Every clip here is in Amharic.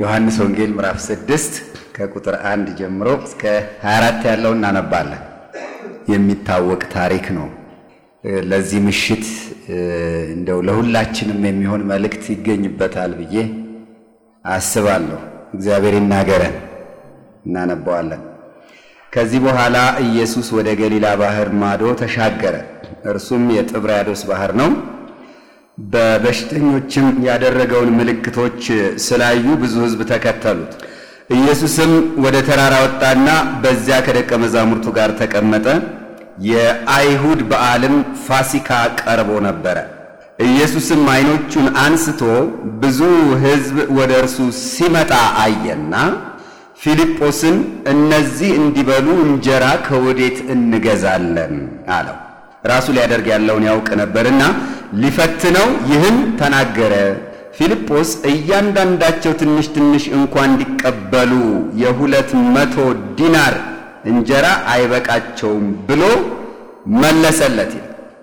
ዮሐንስ ወንጌል ምዕራፍ ስድስት ከቁጥር አንድ ጀምሮ እስከ 24 ያለው እናነባለን። የሚታወቅ ታሪክ ነው። ለዚህ ምሽት እንደው ለሁላችንም የሚሆን መልእክት ይገኝበታል ብዬ አስባለሁ። እግዚአብሔር ይናገረን። እናነባዋለን። ከዚህ በኋላ ኢየሱስ ወደ ገሊላ ባህር ማዶ ተሻገረ። እርሱም የጥብርያዶስ ባህር ነው። በበሽተኞችም ያደረገውን ምልክቶች ስላዩ ብዙ ሕዝብ ተከተሉት። ኢየሱስም ወደ ተራራ ወጣና በዚያ ከደቀ መዛሙርቱ ጋር ተቀመጠ። የአይሁድ በዓልም ፋሲካ ቀርቦ ነበረ። ኢየሱስም አይኖቹን አንስቶ ብዙ ሕዝብ ወደ እርሱ ሲመጣ አየና ፊልጶስን እነዚህ እንዲበሉ እንጀራ ከወዴት እንገዛለን? አለው። ራሱ ሊያደርግ ያለውን ያውቅ ነበርና ሊፈትነው ይህን ተናገረ። ፊልጶስ እያንዳንዳቸው ትንሽ ትንሽ እንኳ እንዲቀበሉ የሁለት መቶ ዲናር እንጀራ አይበቃቸውም ብሎ መለሰለት።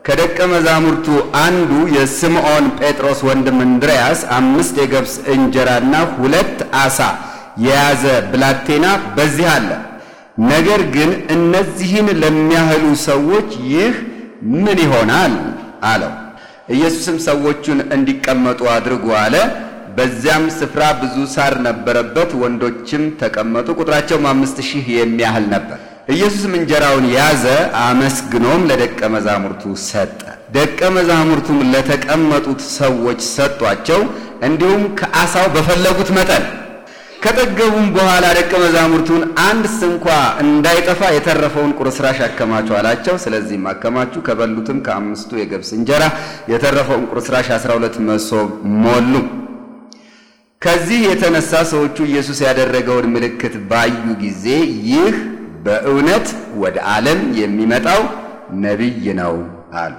ከደቀ መዛሙርቱ አንዱ የስምዖን ጴጥሮስ ወንድም እንድርያስ አምስት የገብስ እንጀራና ሁለት ዓሣ የያዘ ብላቴና በዚህ አለ። ነገር ግን እነዚህን ለሚያህሉ ሰዎች ይህ ምን ይሆናል? አለው። ኢየሱስም ሰዎቹን እንዲቀመጡ አድርጉ አለ። በዚያም ስፍራ ብዙ ሳር ነበረበት፣ ወንዶችም ተቀመጡ። ቁጥራቸውም አምስት ሺህ የሚያህል ነበር። ኢየሱስም እንጀራውን ያዘ፣ አመስግኖም ለደቀ መዛሙርቱ ሰጠ። ደቀ መዛሙርቱም ለተቀመጡት ሰዎች ሰጧቸው፣ እንዲሁም ከአሳው በፈለጉት መጠን ከጠገቡም በኋላ ደቀ መዛሙርቱን አንድ ስንኳ እንዳይጠፋ የተረፈውን ቁርስራሽ አከማቹ አላቸው። ስለዚህም አከማቹ። ከበሉትም ከአምስቱ የገብስ እንጀራ የተረፈውን ቁርስራሽ 12 መሶብ ሞሉ። ከዚህ የተነሳ ሰዎቹ ኢየሱስ ያደረገውን ምልክት ባዩ ጊዜ ይህ በእውነት ወደ ዓለም የሚመጣው ነቢይ ነው አሉ።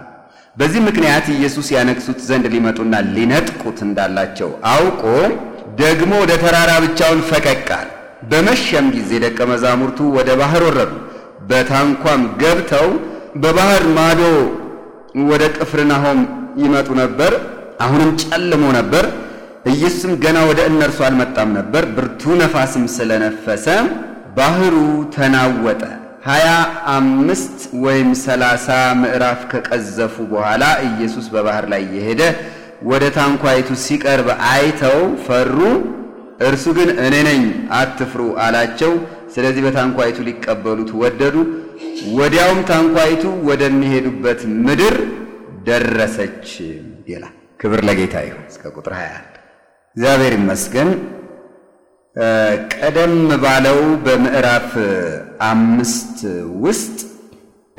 በዚህ ምክንያት ኢየሱስ ያነግሱት ዘንድ ሊመጡና ሊነጥቁት እንዳላቸው አውቆ ደግሞ ወደ ተራራ ብቻውን ፈቀቅ በመሸም ጊዜ ደቀ መዛሙርቱ ወደ ባህር ወረዱ። በታንኳም ገብተው በባህር ማዶ ወደ ቅፍርናሆም ይመጡ ነበር። አሁንም ጨልሞ ነበር። ኢየሱስም ገና ወደ እነርሱ አልመጣም ነበር። ብርቱ ነፋስም ስለነፈሰ ባህሩ ተናወጠ። ሀያ አምስት ወይም ሰላሳ ምዕራፍ ከቀዘፉ በኋላ ኢየሱስ በባህር ላይ እየሄደ ወደ ታንኳይቱ ሲቀርብ አይተው ፈሩ። እርሱ ግን እኔ ነኝ አትፍሩ አላቸው። ስለዚህ በታንኳይቱ ሊቀበሉት ወደዱ። ወዲያውም ታንኳይቱ ወደሚሄዱበት ምድር ደረሰች ይላል። ክብር ለጌታ ይሁን። እስከ ቁጥር 21 እግዚአብሔር ይመስገን። ቀደም ባለው በምዕራፍ አምስት ውስጥ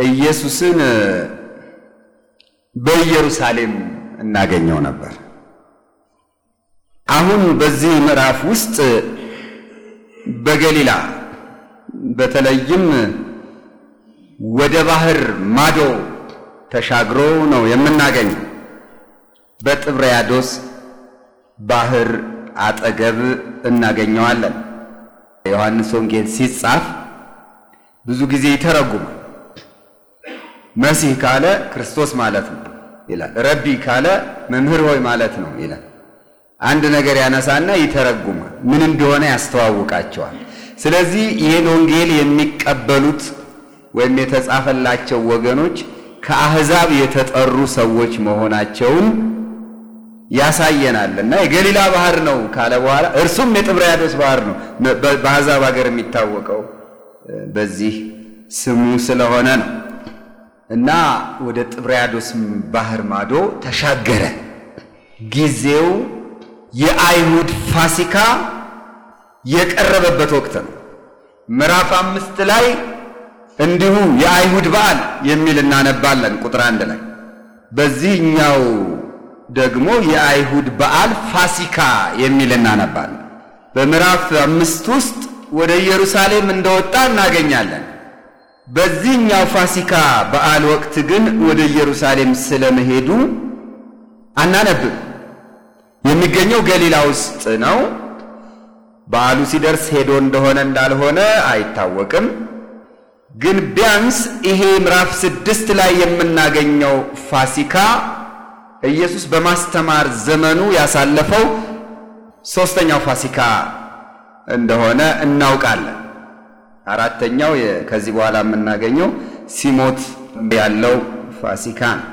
ኢየሱስን በኢየሩሳሌም እናገኘው ነበር። አሁን በዚህ ምዕራፍ ውስጥ በገሊላ በተለይም ወደ ባህር ማዶ ተሻግሮ ነው የምናገኘው። በጥብርያዶስ ባህር አጠገብ እናገኘዋለን። ዮሐንስ ወንጌል ሲጻፍ ብዙ ጊዜ ይተረጉማል። መሲህ ካለ ክርስቶስ ማለት ነው። ይላል። ረቢ ካለ መምህር ሆይ ማለት ነው ይላል። አንድ ነገር ያነሳና ይተረጉማል። ምን እንደሆነ ያስተዋውቃቸዋል። ስለዚህ ይህን ወንጌል የሚቀበሉት ወይም የተጻፈላቸው ወገኖች ከአህዛብ የተጠሩ ሰዎች መሆናቸውን ያሳየናል እና የገሊላ ባህር ነው ካለ በኋላ እርሱም የጥብርያዶስ ባህር ነው። በአህዛብ ሀገር የሚታወቀው በዚህ ስሙ ስለሆነ ነው። እና ወደ ጥብርያዶስ ባህር ማዶ ተሻገረ። ጊዜው የአይሁድ ፋሲካ የቀረበበት ወቅት ነው። ምዕራፍ አምስት ላይ እንዲሁ የአይሁድ በዓል የሚል እናነባለን። ቁጥር አንድ ላይ በዚህኛው ደግሞ የአይሁድ በዓል ፋሲካ የሚል እናነባለን። በምዕራፍ አምስት ውስጥ ወደ ኢየሩሳሌም እንደወጣ እናገኛለን። በዚህኛው ፋሲካ በዓል ወቅት ግን ወደ ኢየሩሳሌም ስለመሄዱ አናነብም። የሚገኘው ገሊላ ውስጥ ነው። በዓሉ ሲደርስ ሄዶ እንደሆነ እንዳልሆነ አይታወቅም። ግን ቢያንስ ይሄ ምዕራፍ ስድስት ላይ የምናገኘው ፋሲካ ኢየሱስ በማስተማር ዘመኑ ያሳለፈው ሦስተኛው ፋሲካ እንደሆነ እናውቃለን። አራተኛው ከዚህ በኋላ የምናገኘው ሲሞት ያለው ፋሲካ ነው።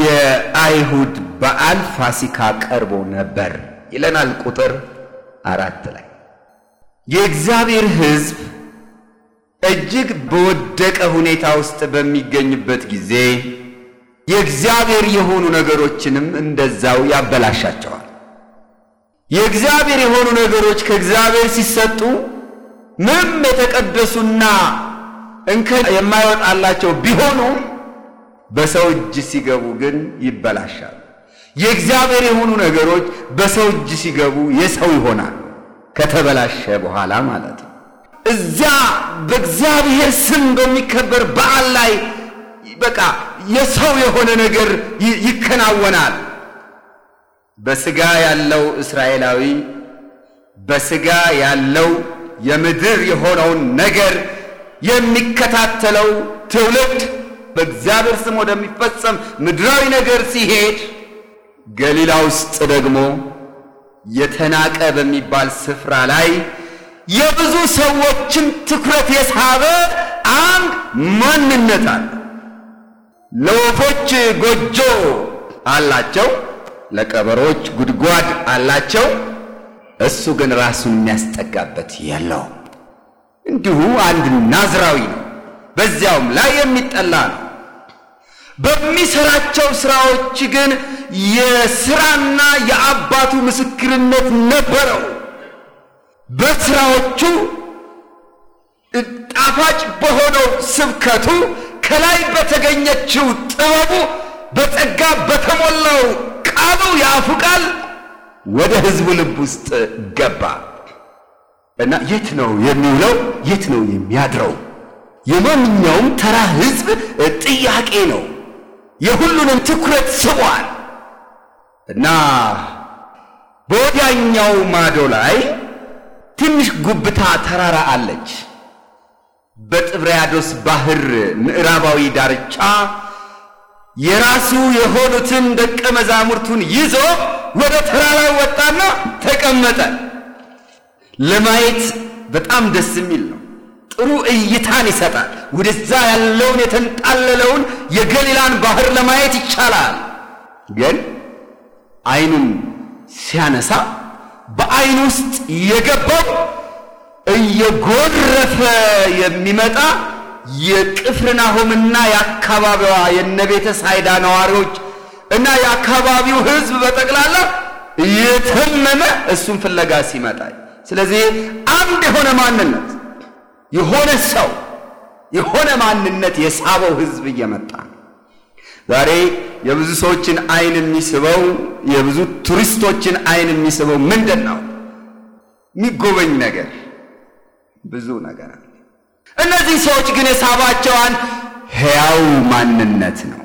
የአይሁድ በዓል ፋሲካ ቀርቦ ነበር ይለናል ቁጥር አራት ላይ የእግዚአብሔር ሕዝብ እጅግ በወደቀ ሁኔታ ውስጥ በሚገኝበት ጊዜ የእግዚአብሔር የሆኑ ነገሮችንም እንደዛው ያበላሻቸዋል። የእግዚአብሔር የሆኑ ነገሮች ከእግዚአብሔር ሲሰጡ ምንም የተቀደሱና እንከን የማይወጣላቸው ቢሆኑ በሰው እጅ ሲገቡ ግን ይበላሻል። የእግዚአብሔር የሆኑ ነገሮች በሰው እጅ ሲገቡ የሰው ይሆናል፣ ከተበላሸ በኋላ ማለት ነው። እዚያ በእግዚአብሔር ስም በሚከበር በዓል ላይ በቃ የሰው የሆነ ነገር ይከናወናል። በስጋ ያለው እስራኤላዊ በስጋ ያለው የምድር የሆነውን ነገር የሚከታተለው ትውልድ በእግዚአብሔር ስም ወደሚፈጸም ምድራዊ ነገር ሲሄድ ገሊላ ውስጥ ደግሞ የተናቀ በሚባል ስፍራ ላይ የብዙ ሰዎችን ትኩረት የሳበ አንድ ማንነት አለ። ለወፎች ጎጆ አላቸው፣ ለቀበሮች ጉድጓድ አላቸው። እሱ ግን ራሱን የሚያስጠጋበት የለውም እንዲሁ አንድ ናዝራዊ ነው፣ በዚያውም ላይ የሚጠላ ነው። በሚሰራቸው ስራዎች ግን የስራና የአባቱ ምስክርነት ነበረው። በስራዎቹ ጣፋጭ በሆነው ስብከቱ ከላይ በተገኘችው ጥበቡ በጸጋ በተሞላው ቃሉ የአፉ ቃል ወደ ህዝቡ ልብ ውስጥ ገባ እና የት ነው የሚውለው? የት ነው የሚያድረው? የማንኛውም ተራ ህዝብ ጥያቄ ነው። የሁሉንም ትኩረት ስቧል እና በወዲያኛው ማዶ ላይ ትንሽ ጉብታ ተራራ አለች። በጥብርያዶስ ባህር ምዕራባዊ ዳርቻ የራሱ የሆኑትን ደቀ መዛሙርቱን ይዞ ወደ ተራራው ወጣና ተቀመጠ። ለማየት በጣም ደስ የሚል ነው። ጥሩ እይታን ይሰጣል። ወደዛ ያለውን የተንጣለለውን የገሊላን ባህር ለማየት ይቻላል። ግን ዓይኑን ሲያነሳ በዓይን ውስጥ የገባው እየጎረፈ የሚመጣ የቅፍርናሆምና የአካባቢዋ የነቤተ ሳይዳ ነዋሪዎች እና የአካባቢው ሕዝብ በጠቅላላ የተመመ እሱን ፍለጋ ሲመጣ፣ ስለዚህ አንድ የሆነ ማንነት የሆነ ሰው የሆነ ማንነት የሳበው ሕዝብ እየመጣ ነው። ዛሬ የብዙ ሰዎችን አይን የሚስበው የብዙ ቱሪስቶችን አይን የሚስበው ምንድን ነው? የሚጎበኝ ነገር ብዙ ነገር እነዚህ ሰዎች ግን የሳባቸዋን ሕያው ማንነት ነው።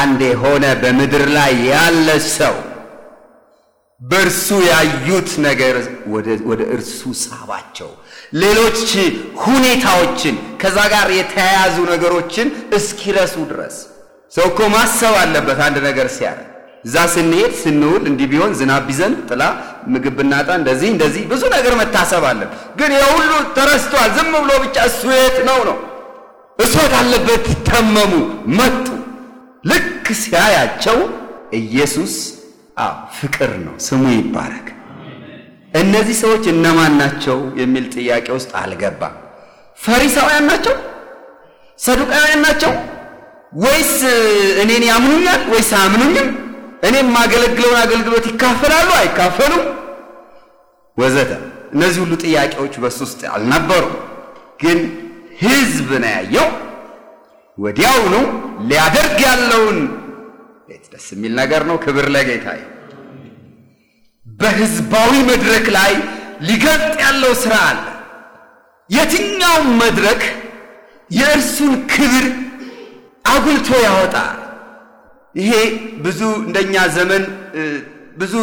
አንድ የሆነ በምድር ላይ ያለ ሰው በእርሱ ያዩት ነገር ወደ እርሱ ሳባቸው። ሌሎች ሁኔታዎችን ከዛ ጋር የተያያዙ ነገሮችን እስኪረሱ ድረስ ሰው እኮ ማሰብ አለበት። አንድ ነገር ሲያደርግ እዛ ስንሄድ ስንውል፣ እንዲህ ቢሆን፣ ዝናብ ቢዘንብ፣ ጥላ ምግብ ብናጣ እንደዚህ እንደዚህ ብዙ ነገር መታሰብ አለ። ግን የሁሉ ተረስቷል። ዝም ብሎ ብቻ እሱ የት ነው ነው እሱ አለበት። ተመሙ መጡ። ልክ ሲያያቸው ኢየሱስ ፍቅር ነው፣ ስሙ ይባረክ። እነዚህ ሰዎች እነማን ናቸው የሚል ጥያቄ ውስጥ አልገባም። ፈሪሳውያን ናቸው? ሰዱቃውያን ናቸው? ወይስ እኔን ያምኑኛል ወይስ አያምኑኝም እኔ የማገለግለውን አገልግሎት ይካፈላሉ አይካፈሉም? ወዘተ እነዚህ ሁሉ ጥያቄዎች በሱ ውስጥ አልነበሩ። ግን ህዝብ ነው ያየው። ወዲያውኑ ሊያደርግ ያለውን ደስ የሚል ነገር ነው። ክብር ለጌታ። በህዝባዊ መድረክ ላይ ሊገልጥ ያለው ስራ አለ። የትኛውም መድረክ የእርሱን ክብር አጉልቶ ያወጣል። ይሄ ብዙ እንደኛ ዘመን ብዙ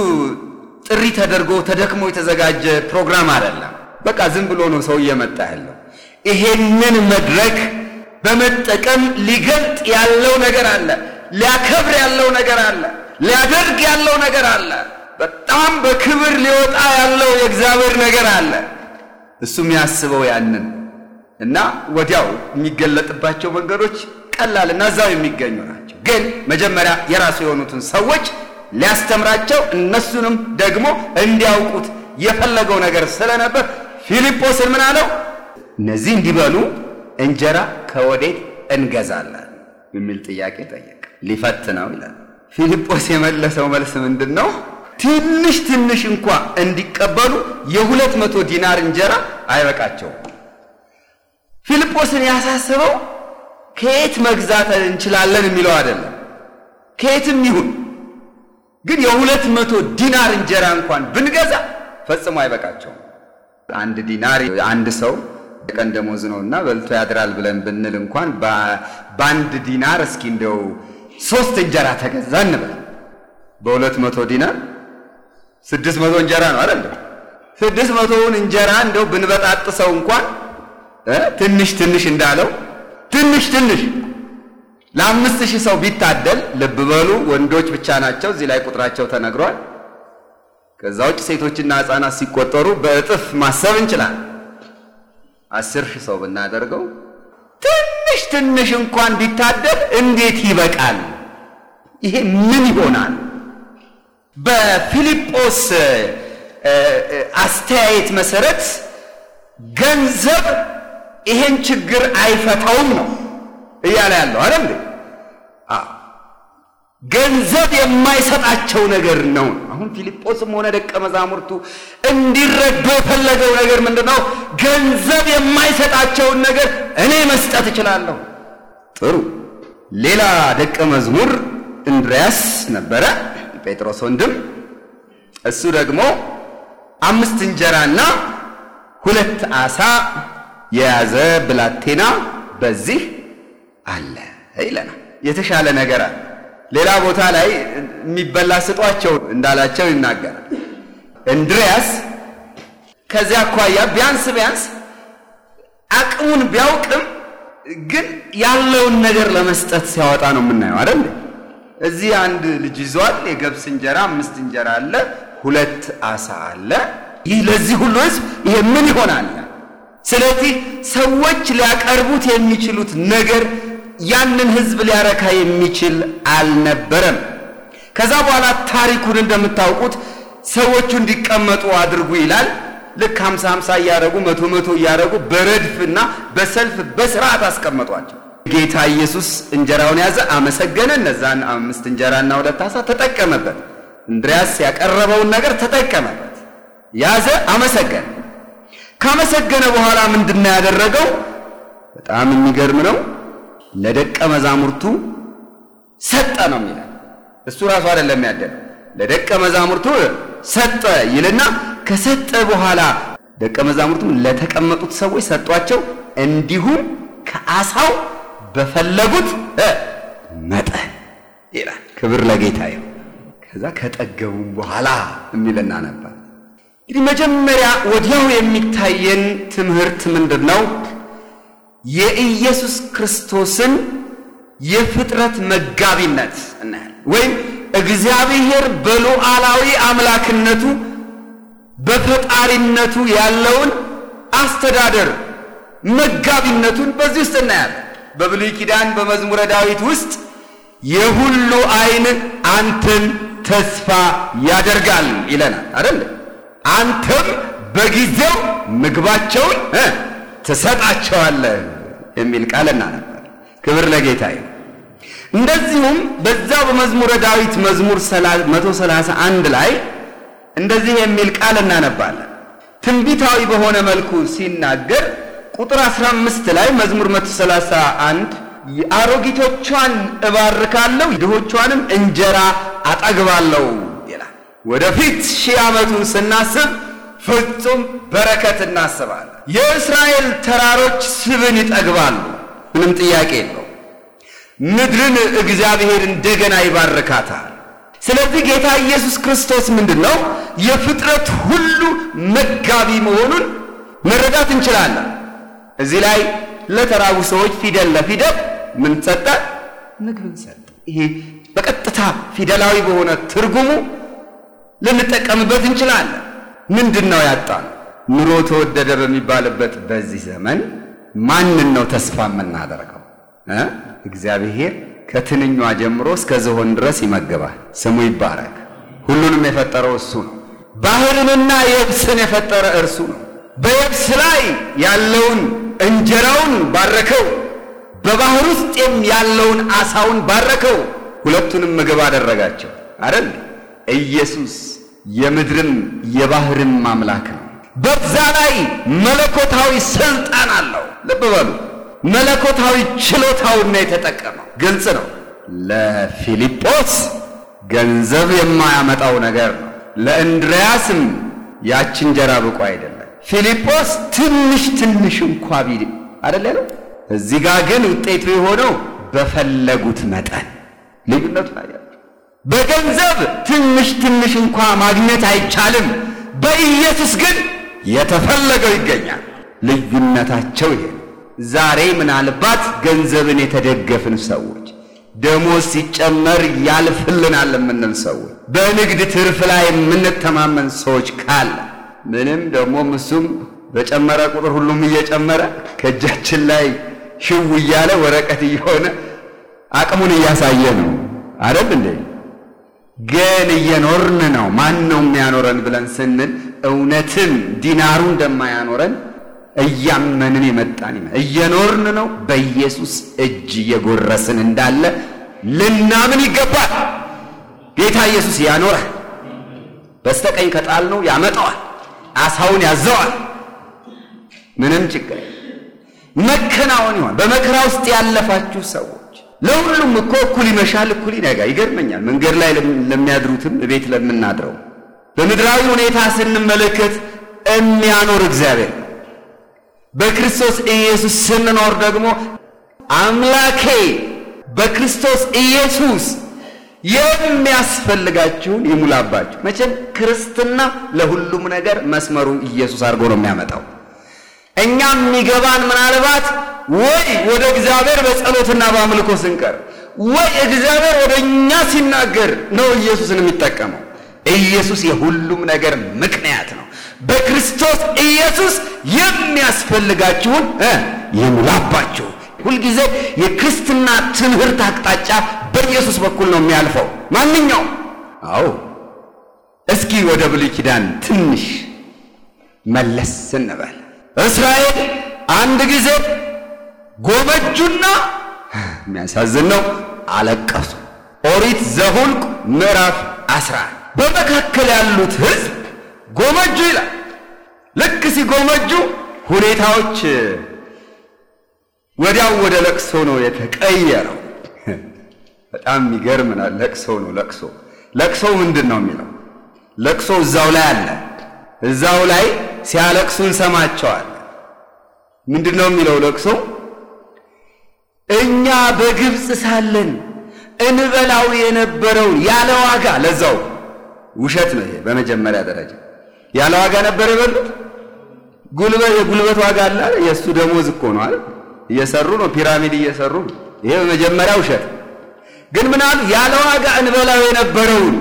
ጥሪ ተደርጎ ተደክሞ የተዘጋጀ ፕሮግራም አይደለም። በቃ ዝም ብሎ ነው ሰው እየመጣ ያለው። ይሄንን መድረክ በመጠቀም ሊገልጥ ያለው ነገር አለ፣ ሊያከብር ያለው ነገር አለ፣ ሊያደርግ ያለው ነገር አለ፣ በጣም በክብር ሊወጣ ያለው የእግዚአብሔር ነገር አለ። እሱም ያስበው ያንን እና ወዲያው የሚገለጥባቸው መንገዶች እና እዛው የሚገኙ ናቸው። ግን መጀመሪያ የራሱ የሆኑትን ሰዎች ሊያስተምራቸው እነሱንም ደግሞ እንዲያውቁት የፈለገው ነገር ስለነበር ፊልጶስን ምን አለው? እነዚህ እንዲበሉ እንጀራ ከወዴት እንገዛለን የሚል ጥያቄ ጠየቀ። ሊፈትነው ይላል። ፊልጶስ የመለሰው መልስ ምንድን ነው? ትንሽ ትንሽ እንኳ እንዲቀበሉ የሁለት መቶ ዲናር እንጀራ አይበቃቸውም። ፊልጶስን ያሳስበው ከየት መግዛት እንችላለን የሚለው አይደለም። ከየትም ይሁን ግን የሁለት መቶ ዲናር እንጀራ እንኳን ብንገዛ ፈጽሞ አይበቃቸውም። አንድ ዲናር አንድ ሰው ቀን ደሞዝ ነው እና በልቶ ያድራል ብለን ብንል እንኳን በአንድ ዲናር እስኪ እንደው ሶስት እንጀራ ተገዛ እንበል። በሁለት መቶ ዲናር ስድስት መቶ እንጀራ ነው አይደለም? ስድስት መቶውን እንጀራ እንደው ብንበጣጥሰው እንኳን ትንሽ ትንሽ እንዳለው ትንሽ ትንሽ ለአምስት ሺህ ሰው ቢታደል ልብ በሉ፣ ወንዶች ብቻ ናቸው። እዚህ ላይ ቁጥራቸው ተነግሯል። ከዛ ውጭ ሴቶችና ህፃናት ሲቆጠሩ በእጥፍ ማሰብ እንችላለን። አስር ሺህ ሰው ብናደርገው ትንሽ ትንሽ እንኳን ቢታደል እንዴት ይበቃል? ይሄ ምን ይሆናል? በፊልጶስ አስተያየት መሰረት ገንዘብ ይሄን ችግር አይፈታውም ነው እያለ ያለው አይደል? ገንዘብ የማይሰጣቸው ነገር ነው። አሁን ፊልጶስም ሆነ ደቀ መዛሙርቱ እንዲረዱ የፈለገው ነገር ምንድን ነው? ገንዘብ የማይሰጣቸውን ነገር እኔ መስጠት እችላለሁ። ጥሩ። ሌላ ደቀ መዝሙር እንድርያስ ነበረ፣ ጴጥሮስ ወንድም። እሱ ደግሞ አምስት እንጀራና ሁለት አሳ? የያዘ ብላቴና በዚህ አለ ይለናል። የተሻለ ነገር አለ። ሌላ ቦታ ላይ የሚበላ ስጧቸው እንዳላቸው ይናገራል። እንድሪያስ ከዚያ አኳያ ቢያንስ ቢያንስ አቅሙን ቢያውቅም ግን ያለውን ነገር ለመስጠት ሲያወጣ ነው የምናየው አይደል? እዚህ አንድ ልጅ ይዟል። የገብስ እንጀራ አምስት እንጀራ አለ፣ ሁለት አሳ አለ። ይህ ለዚህ ሁሉ ህዝብ ይሄ ምን ይሆናል? ስለዚህ ሰዎች ሊያቀርቡት የሚችሉት ነገር ያንን ህዝብ ሊያረካ የሚችል አልነበረም። ከዛ በኋላ ታሪኩን እንደምታውቁት ሰዎቹ እንዲቀመጡ አድርጉ ይላል። ልክ ሀምሳ ሀምሳ እያደረጉ መቶ መቶ እያደረጉ በረድፍና በሰልፍ በስርዓት አስቀመጧቸው። ጌታ ኢየሱስ እንጀራውን ያዘ፣ አመሰገነ። እነዛን አምስት እንጀራና ሁለት ዓሣ ተጠቀመበት። እንድሪያስ ያቀረበውን ነገር ተጠቀመበት፣ ያዘ፣ አመሰገነ። ካመሰገነ በኋላ ምንድን ያደረገው? በጣም የሚገርም ነው። ለደቀ መዛሙርቱ ሰጠ ነው የሚለው። እሱ ራሱ አይደለም ያደለ፣ ለደቀ መዛሙርቱ ሰጠ ይልና ከሰጠ በኋላ ደቀ መዛሙርቱ ለተቀመጡት ሰዎች ሰጧቸው፣ እንዲሁም ከአሳው በፈለጉት መጠን ይላል። ክብር ለጌታ ይሁን። ከዛ ከጠገቡም በኋላ የሚልና ነበር እንግዲህ መጀመሪያ ወዲያው የሚታየን ትምህርት ምንድን ነው? የኢየሱስ ክርስቶስን የፍጥረት መጋቢነት እናያለን። ወይም እግዚአብሔር በሉዓላዊ አምላክነቱ በፈጣሪነቱ ያለውን አስተዳደር መጋቢነቱን በዚህ ውስጥ እናያለን። በብሉይ ኪዳን በመዝሙረ ዳዊት ውስጥ የሁሉ ዓይን አንተን ተስፋ ያደርጋል ይለናል አይደል? አንተም በጊዜው ምግባቸውን ትሰጣቸዋለህ የሚል ቃል ነበር። ክብር ለጌታ። እንደዚሁም በዛው በመዝሙረ ዳዊት መዝሙር 131 ላይ እንደዚህ የሚል ቃል እናነባለን። ትንቢታዊ በሆነ መልኩ ሲናገር ቁጥር 15 ላይ መዝሙር 131 አሮጊቶቿን እባርካለሁ ድሆቿንም እንጀራ አጠግባለሁ ወደፊት ሺህ ዓመቱን ስናስብ ፍጹም በረከት እናስባለን። የእስራኤል ተራሮች ስብን ይጠግባሉ፣ ምንም ጥያቄ የለው። ምድርን እግዚአብሔር እንደገና ይባርካታል። ስለዚህ ጌታ ኢየሱስ ክርስቶስ ምንድን ነው የፍጥረት ሁሉ መጋቢ መሆኑን መረዳት እንችላለን። እዚህ ላይ ለተራቡ ሰዎች ፊደል ለፊደል ምን ሰጠ? ምግብን ሰጠ። ይሄ በቀጥታ ፊደላዊ በሆነ ትርጉሙ ልንጠቀምበት እንችላለን። ምንድን ነው ያጣን? ኑሮ ተወደደ በሚባልበት በዚህ ዘመን ማንን ነው ተስፋ የምናደርገው? እግዚአብሔር ከትንኟ ጀምሮ እስከ ዝሆን ድረስ ይመግባል። ስሙ ይባረክ። ሁሉንም የፈጠረው እሱ ነው። ባህርንና የብስን የፈጠረ እርሱ ነው። በየብስ ላይ ያለውን እንጀራውን ባረከው፣ በባህር ውስጥ ያለውን አሳውን ባረከው። ሁለቱንም ምግብ አደረጋቸው አይደል? ኢየሱስ የምድርም የባህርም አምላክ ነው። በዛ ላይ መለኮታዊ ስልጣን አለው። ልብ በሉ፣ መለኮታዊ ችሎታውን ነው የተጠቀመው። ግልጽ ነው። ለፊልጶስ ገንዘብ የማያመጣው ነገር ነው። ለእንድርያስም ያች እንጀራ ብቁ አይደለም። ፊልጶስ ትንሽ ትንሽ እንኳ ቢድ አደለ ነው። እዚህ ጋር ግን ውጤቱ የሆነው በፈለጉት መጠን ልዩነቱን በገንዘብ ትንሽ ትንሽ እንኳ ማግኘት አይቻልም። በኢየሱስ ግን የተፈለገው ይገኛል። ልዩነታቸው ይሄ ዛሬ ምናልባት ገንዘብን የተደገፍን ሰዎች ደሞዝ ሲጨመር ያልፍልናል የምንል ሰዎች፣ በንግድ ትርፍ ላይ የምንተማመን ሰዎች ካለ ምንም ደግሞ እሱም በጨመረ ቁጥር ሁሉም እየጨመረ ከእጃችን ላይ ሽው እያለ ወረቀት እየሆነ አቅሙን እያሳየ ነው። አደል እንዴ? ግን እየኖርን ነው። ማን ነው የሚያኖረን ብለን ስንል እውነትም ዲናሩ እንደማያኖረን እያመንን የመጣን እየኖርን ነው። በኢየሱስ እጅ እየጎረስን እንዳለ ልናምን ይገባል። ጌታ ኢየሱስ ያኖራል። በስተቀኝ ከጣል ነው ያመጣዋል። አሳውን ያዘዋል። ምንም ችግር መከናወን ይሆን። በመከራ ውስጥ ያለፋችሁ ሰው ለሁሉም እኮ እኩል ይመሻል፣ እኩል ይነጋ። ይገርመኛል። መንገድ ላይ ለሚያድሩትም ቤት ለምናድረው በምድራዊ ሁኔታ ስንመለከት የሚያኖር እግዚአብሔር በክርስቶስ ኢየሱስ ስንኖር ደግሞ አምላኬ በክርስቶስ ኢየሱስ የሚያስፈልጋችሁን ይሙላባችሁ። መቼም ክርስትና ለሁሉም ነገር መስመሩ ኢየሱስ አድርጎ ነው የሚያመጣው። እኛም የሚገባን ምናልባት ወይ ወደ እግዚአብሔር በጸሎትና በአምልኮ ስንቀር ወይ እግዚአብሔር ወደ እኛ ሲናገር ነው ኢየሱስን የሚጠቀመው። ኢየሱስ የሁሉም ነገር ምክንያት ነው። በክርስቶስ ኢየሱስ የሚያስፈልጋችሁን ይሙላባችሁ። ሁልጊዜ የክርስትና ትምህርት አቅጣጫ በኢየሱስ በኩል ነው የሚያልፈው ማንኛው አዎ እስኪ ወደ ብሉይ ኪዳን ትንሽ መለስ ስንበል እስራኤል አንድ ጊዜ ጎመጁና የሚያሳዝን ነው አለቀሱ። ኦሪት ዘሁልቅ ምዕራፍ አስራ በመካከል ያሉት ህዝብ ጎመጁ ይላል። ልክ ሲጎመጁ ሁኔታዎች ወዲያው ወደ ለቅሶ ነው የተቀየረው። በጣም ይገርምናል። ለቅሶ ነው ለቅሶ። ለቅሶ ምንድን ነው የሚለው? ለቅሶ እዛው ላይ አለ። እዛው ላይ ሲያለቅሱ ሰማቸዋል? ምንድን ነው የሚለው ለቅሶ እኛ በግብፅ ሳለን እንበላው የነበረውን ያለ ዋጋ ለዛው ውሸት ነው። ይሄ በመጀመሪያ ደረጃ ያለ ዋጋ ነበር የበሉት። ጉልበት የጉልበት ዋጋ አለ። የእሱ ደሞዝ እኮ ነው አይደል? እየሰሩ ነው፣ ፒራሚድ እየሰሩ ነው። ይሄ በመጀመሪያ ውሸት ግን ምናሉ ያለ ዋጋ እንበላው የነበረውን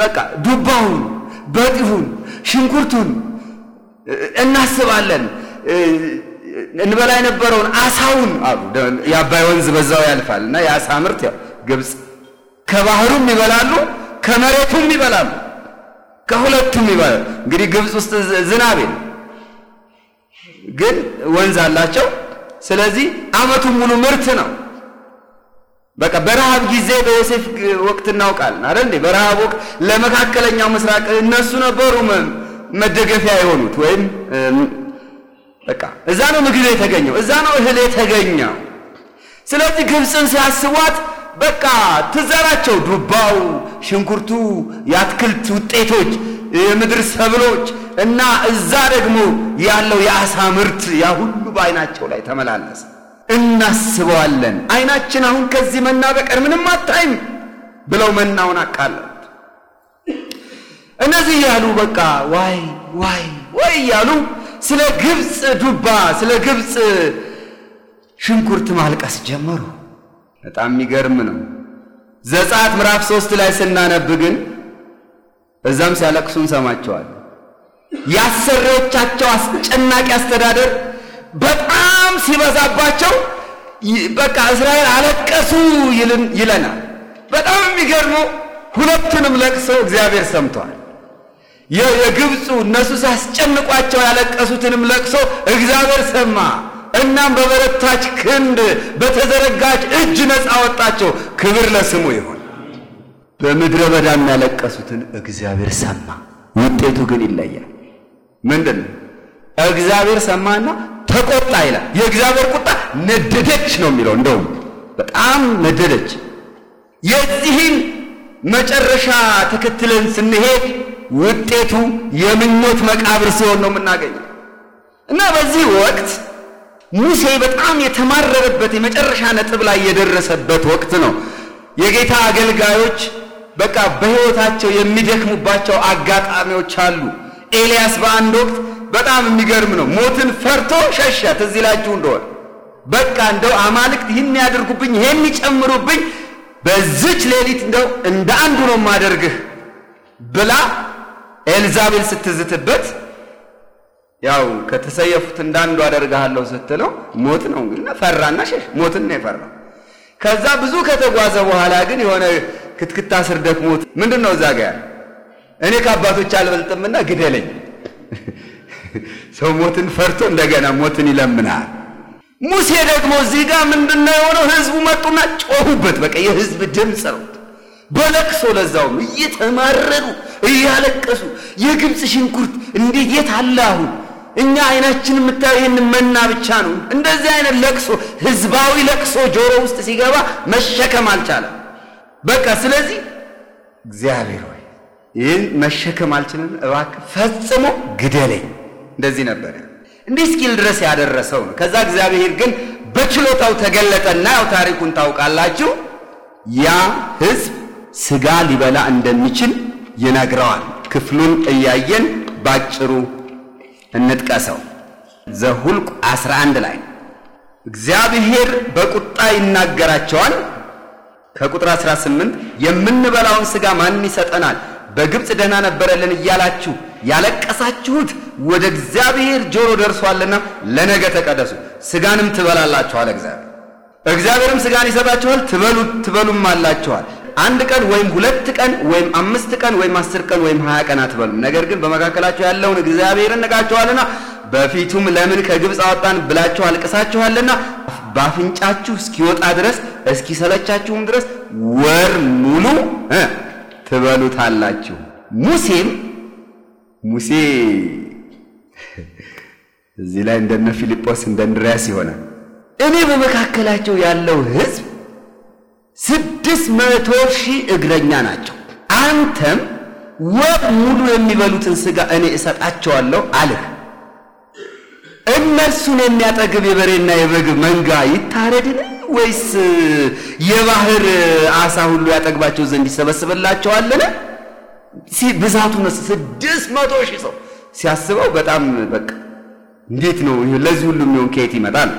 በቃ ዱባውን፣ በጢሁን፣ ሽንኩርቱን እናስባለን እንበላ የነበረውን አሳውን አሉ። የአባይ ወንዝ በዛው ያልፋል እና የአሳ ምርት ያው ግብፅ ከባህሩም ይበላሉ፣ ከመሬቱም ይበላሉ፣ ከሁለቱም ይበላሉ። እንግዲህ ግብፅ ውስጥ ዝናብ የለም፣ ግን ወንዝ አላቸው። ስለዚህ አመቱን ሙሉ ምርት ነው። በቃ በረሃብ ጊዜ በዮሴፍ ወቅት እናውቃለን አይደል? በረሃብ ወቅት ለመካከለኛው ምስራቅ እነሱ ነበሩ መደገፊያ የሆኑት ወይም በቃ እዛ ነው ምግብ የተገኘው፣ እዛ ነው እህል የተገኘው። ስለዚህ ግብፅን ሲያስቧት በቃ ትዘራቸው ዱባው፣ ሽንኩርቱ፣ የአትክልት ውጤቶች፣ የምድር ሰብሎች እና እዛ ደግሞ ያለው የአሳ ምርት ያ ሁሉ በአይናቸው ላይ ተመላለሰ። እናስበዋለን። አይናችን አሁን ከዚህ መና በቀር ምንም አታይም ብለው መናውን አቃለት። እነዚህ እያሉ በቃ ዋይ ዋይ ወይ እያሉ ስለ ግብፅ ዱባ፣ ስለ ግብፅ ሽንኩርት ማልቀስ ጀመሩ። በጣም የሚገርም ነው። ዘጸአት ምዕራፍ ሶስት ላይ ስናነብ ግን እዛም ሲያለቅሱ እንሰማቸዋል። የአሰሪዎቻቸው አስጨናቂ አስተዳደር በጣም ሲበዛባቸው በቃ እስራኤል አለቀሱ ይለናል። በጣም የሚገርመው ሁለቱንም ለቅሶ እግዚአብሔር ሰምቷል። የግብፁ እነሱ ሲያስጨንቋቸው ያለቀሱትንም ለቅሶ እግዚአብሔር ሰማ። እናም በበረታች ክንድ በተዘረጋች እጅ ነፃ ወጣቸው ክብር ለስሙ ይሁን። በምድረ በዳ ያለቀሱትን እግዚአብሔር ሰማ። ውጤቱ ግን ይለያል። ምንድን ነው? እግዚአብሔር ሰማና ተቆጣ ይላል። የእግዚአብሔር ቁጣ ነደደች ነው የሚለው። እንደውም በጣም ነደደች። የዚህን መጨረሻ ተከትለን ስንሄድ ውጤቱ የምኞት መቃብር ሲሆን ነው የምናገኘው። እና በዚህ ወቅት ሙሴ በጣም የተማረረበት የመጨረሻ ነጥብ ላይ የደረሰበት ወቅት ነው። የጌታ አገልጋዮች በቃ በሕይወታቸው የሚደክሙባቸው አጋጣሚዎች አሉ። ኤልያስ በአንድ ወቅት በጣም የሚገርም ነው፣ ሞትን ፈርቶ ሸሸ። ትዝ ይላችሁ እንደሆነ በቃ እንደው አማልክት ይህን ያደርጉብኝ፣ ይሄን ይጨምሩብኝ፣ በዚች ሌሊት እንደው እንደ አንዱ ነው ማደርግህ ብላ ኤልዛቤል ስትዝትበት ያው ከተሰየፉት እንዳንዱ አደርግሃለሁ ስትለው ሞት ነው እንግዲህ ፈራና ሸሽ ሞትን ነው የፈራው። ከዛ ብዙ ከተጓዘ በኋላ ግን የሆነ ክትክታ ስር ደክሞት ምንድን ነው እዛ ጋ ያለ እኔ ከአባቶች አልበልጥምና ግደለኝ ሰው ሞትን ፈርቶ እንደገና ሞትን ይለምናል ሙሴ ደግሞ እዚህ ጋር ምንድነው የሆነው ህዝቡ መጡና ጮሁበት በቃ የህዝብ ድምፅ ነው በለቅሶ ለዛውም እየተማረሩ እያለቀሱ የግብፅ ሽንኩርት እንዴት የት አለ አሁን? እኛ አይናችን የምታየው ይህን መና ብቻ ነው። እንደዚህ አይነት ለቅሶ፣ ህዝባዊ ለቅሶ ጆሮ ውስጥ ሲገባ መሸከም አልቻለም። በቃ ስለዚህ እግዚአብሔር ሆይ ይህን መሸከም አልችልም፣ እባክህ ፈጽሞ ግደለኝ። እንደዚህ ነበር እንዲህ እስኪል ድረስ ያደረሰው ነው። ከዛ እግዚአብሔር ግን በችሎታው ተገለጠና ያው ታሪኩን ታውቃላችሁ። ያ ህዝብ ስጋ ሊበላ እንደሚችል ይነግረዋል። ክፍሉን እያየን ባጭሩ እንጥቀሰው። ዘሁልቁ 11 ላይ እግዚአብሔር በቁጣ ይናገራቸዋል። ከቁጥር 18 የምንበላውን ሥጋ ማን ይሰጠናል? በግብፅ ደህና ነበረልን እያላችሁ ያለቀሳችሁት ወደ እግዚአብሔር ጆሮ ደርሷልና ለነገ ተቀደሱ፣ ሥጋንም ትበላላችኋል። እግዚአብሔር እግዚአብሔርም ሥጋን ይሰጣችኋል፣ ትበሉ ትበሉም አላችኋል አንድ ቀን ወይም ሁለት ቀን ወይም አምስት ቀን ወይም አስር ቀን ወይም ሀያ ቀን አትበሉም። ነገር ግን በመካከላቸው ያለውን እግዚአብሔር ንቃችኋልና በፊቱም ለምን ከግብፅ አወጣን ብላችሁ አልቅሳችኋልና በአፍንጫችሁ እስኪወጣ ድረስ እስኪሰለቻችሁም ድረስ ወር ሙሉ ትበሉታላችሁ። ሙሴም ሙሴ እዚህ ላይ እንደነ ፊልጶስ እንደ እንድርያስ ይሆናል። እኔ በመካከላቸው ያለው ህዝብ ስብ ስድስት መቶ ሺህ እግረኛ ናቸው። አንተም ወር ሙሉ የሚበሉትን ስጋ እኔ እሰጣቸዋለሁ አልህ። እነርሱን የሚያጠግብ የበሬና የበግ መንጋ ይታረድን ወይስ የባህር አሳ ሁሉ ያጠግባቸው ዘንድ ይሰበስበላቸዋለን? ብዛቱ ነው ስድስት መቶ ሺህ ሰው ሲያስበው በጣም በቃ እንዴት ነው ለዚህ ሁሉ የሚሆን ከየት ይመጣል?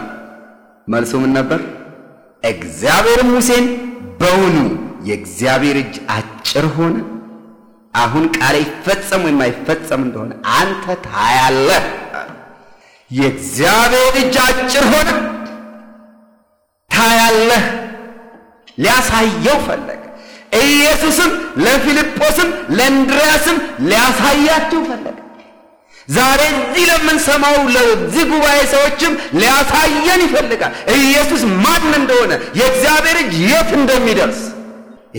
መልሶ ምን ነበር? እግዚአብሔርም ሙሴን በውኑ የእግዚአብሔር እጅ አጭር ሆነ? አሁን ቃል ይፈጸም ወይም አይፈጸም እንደሆነ አንተ ታያለህ። የእግዚአብሔር እጅ አጭር ሆነ፣ ታያለህ። ሊያሳየው ፈለገ። ኢየሱስም ለፊልጶስም ለእንድርያስም ሊያሳያቸው ፈለገ። ዛሬ እዚህ ለምንሰማው ለዚህ ጉባኤ ሰዎችም ሊያሳየን ይፈልጋል ኢየሱስ ማን እንደሆነ የእግዚአብሔር እጅ የት እንደሚደርስ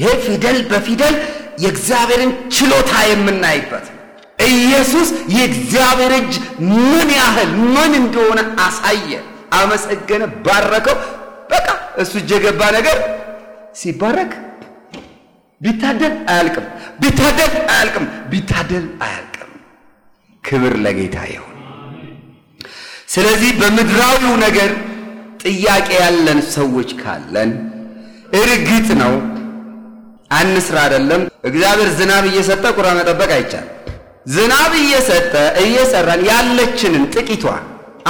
ይሄ ፊደል በፊደል የእግዚአብሔርን ችሎታ የምናይበት ኢየሱስ የእግዚአብሔር እጅ ምን ያህል ምን እንደሆነ አሳየ አመሰገነ ባረከው በቃ እሱ እጅ የገባ ነገር ሲባረክ ቢታደል አያልቅም ቢታደል አያልቅም ቢታደል አያልቅም ክብር ለጌታ ይሁን። ስለዚህ በምድራዊው ነገር ጥያቄ ያለን ሰዎች ካለን እርግጥ ነው አንስራ አይደለም። እግዚአብሔር ዝናብ እየሰጠ ቁራ መጠበቅ አይቻልም። ዝናብ እየሰጠ እየሰራን ያለችንን ጥቂቷን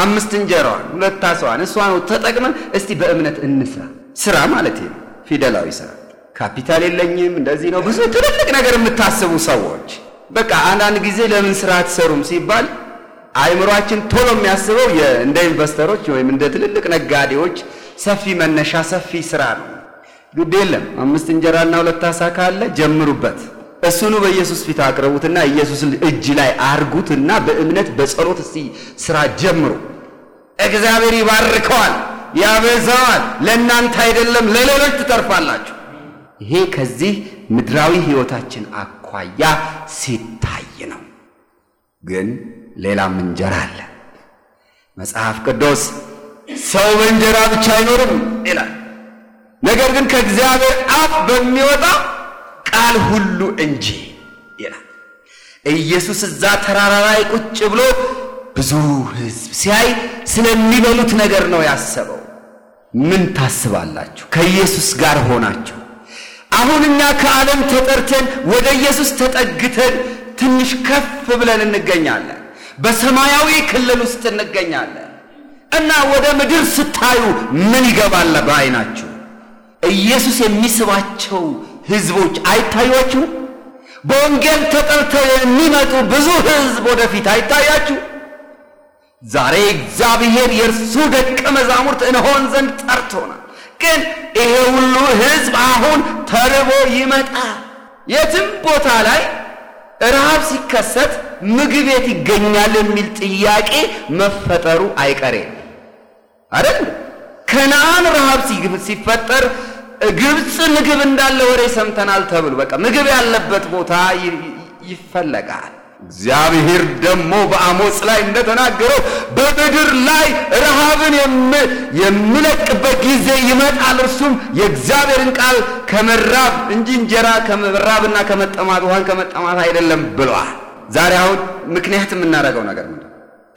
አምስት እንጀራዋን ሁለት አሳዋን እሷ ነው ተጠቅመን እስቲ በእምነት እንስራ። ስራ ማለት ነው ፊደላዊ ስራ። ካፒታል የለኝም እንደዚህ ነው ብዙ ትልልቅ ነገር የምታስቡ ሰዎች በቃ አንዳንድ ጊዜ ለምን ስራ አትሰሩም ሲባል አይምሯችን ቶሎ የሚያስበው እንደ ኢንቨስተሮች ወይም እንደ ትልልቅ ነጋዴዎች ሰፊ መነሻ ሰፊ ስራ ነው። ግድ የለም አምስት እንጀራና ሁለት አሳ ካለ ጀምሩበት። እሱኑ በኢየሱስ ፊት አቅርቡትና ኢየሱስ እጅ ላይ አርጉትና በእምነት በጸሎት እስቲ ስራ ጀምሩ። እግዚአብሔር ይባርከዋል፣ ያበዛዋል። ለእናንተ አይደለም ለሌሎች ትተርፋላችሁ። ይሄ ከዚህ ምድራዊ ህይወታችን አኳያ ሲታይ ነው። ግን ሌላም እንጀራ አለ። መጽሐፍ ቅዱስ ሰው በእንጀራ ብቻ አይኖርም ይላል። ነገር ግን ከእግዚአብሔር አፍ በሚወጣ ቃል ሁሉ እንጂ ይላል። ኢየሱስ እዛ ተራራ ላይ ቁጭ ብሎ ብዙ ሕዝብ ሲያይ ስለሚበሉት ነገር ነው ያሰበው። ምን ታስባላችሁ? ከኢየሱስ ጋር ሆናችሁ አሁን እኛ ከዓለም ተጠርተን ወደ ኢየሱስ ተጠግተን ትንሽ ከፍ ብለን እንገኛለን። በሰማያዊ ክልል ውስጥ እንገኛለን እና ወደ ምድር ስታዩ ምን ይገባል በዓይናችሁ? ኢየሱስ የሚስባቸው ሕዝቦች አይታያችሁ? በወንጌል ተጠርተው የሚመጡ ብዙ ህዝብ ወደፊት አይታያችሁ? ዛሬ እግዚአብሔር የእርሱ ደቀ መዛሙርት እንሆን ዘንድ ጠርቶናል። ግን ይሄ ሁሉ ህዝብ አሁን ተርቦ ይመጣል። የትም ቦታ ላይ ረሃብ ሲከሰት ምግብ ቤት ይገኛል የሚል ጥያቄ መፈጠሩ አይቀሬ አይደል? ከነአን ረሃብ ሲፈጠር ግብፅ ምግብ እንዳለ ወሬ ሰምተናል ተብሎ በቃ ምግብ ያለበት ቦታ ይፈለጋል። እግዚአብሔር ደግሞ በአሞጽ ላይ እንደተናገረው በምድር ላይ ረሃብን የምለቅበት ጊዜ ይመጣል፣ እርሱም የእግዚአብሔርን ቃል ከመራብ እንጂ እንጀራ ከመራብና ከመጠማት ውሃን ከመጠማት አይደለም ብለዋል። ዛሬ አሁን ምክንያት የምናደርገው ነገር ምንድን ነው?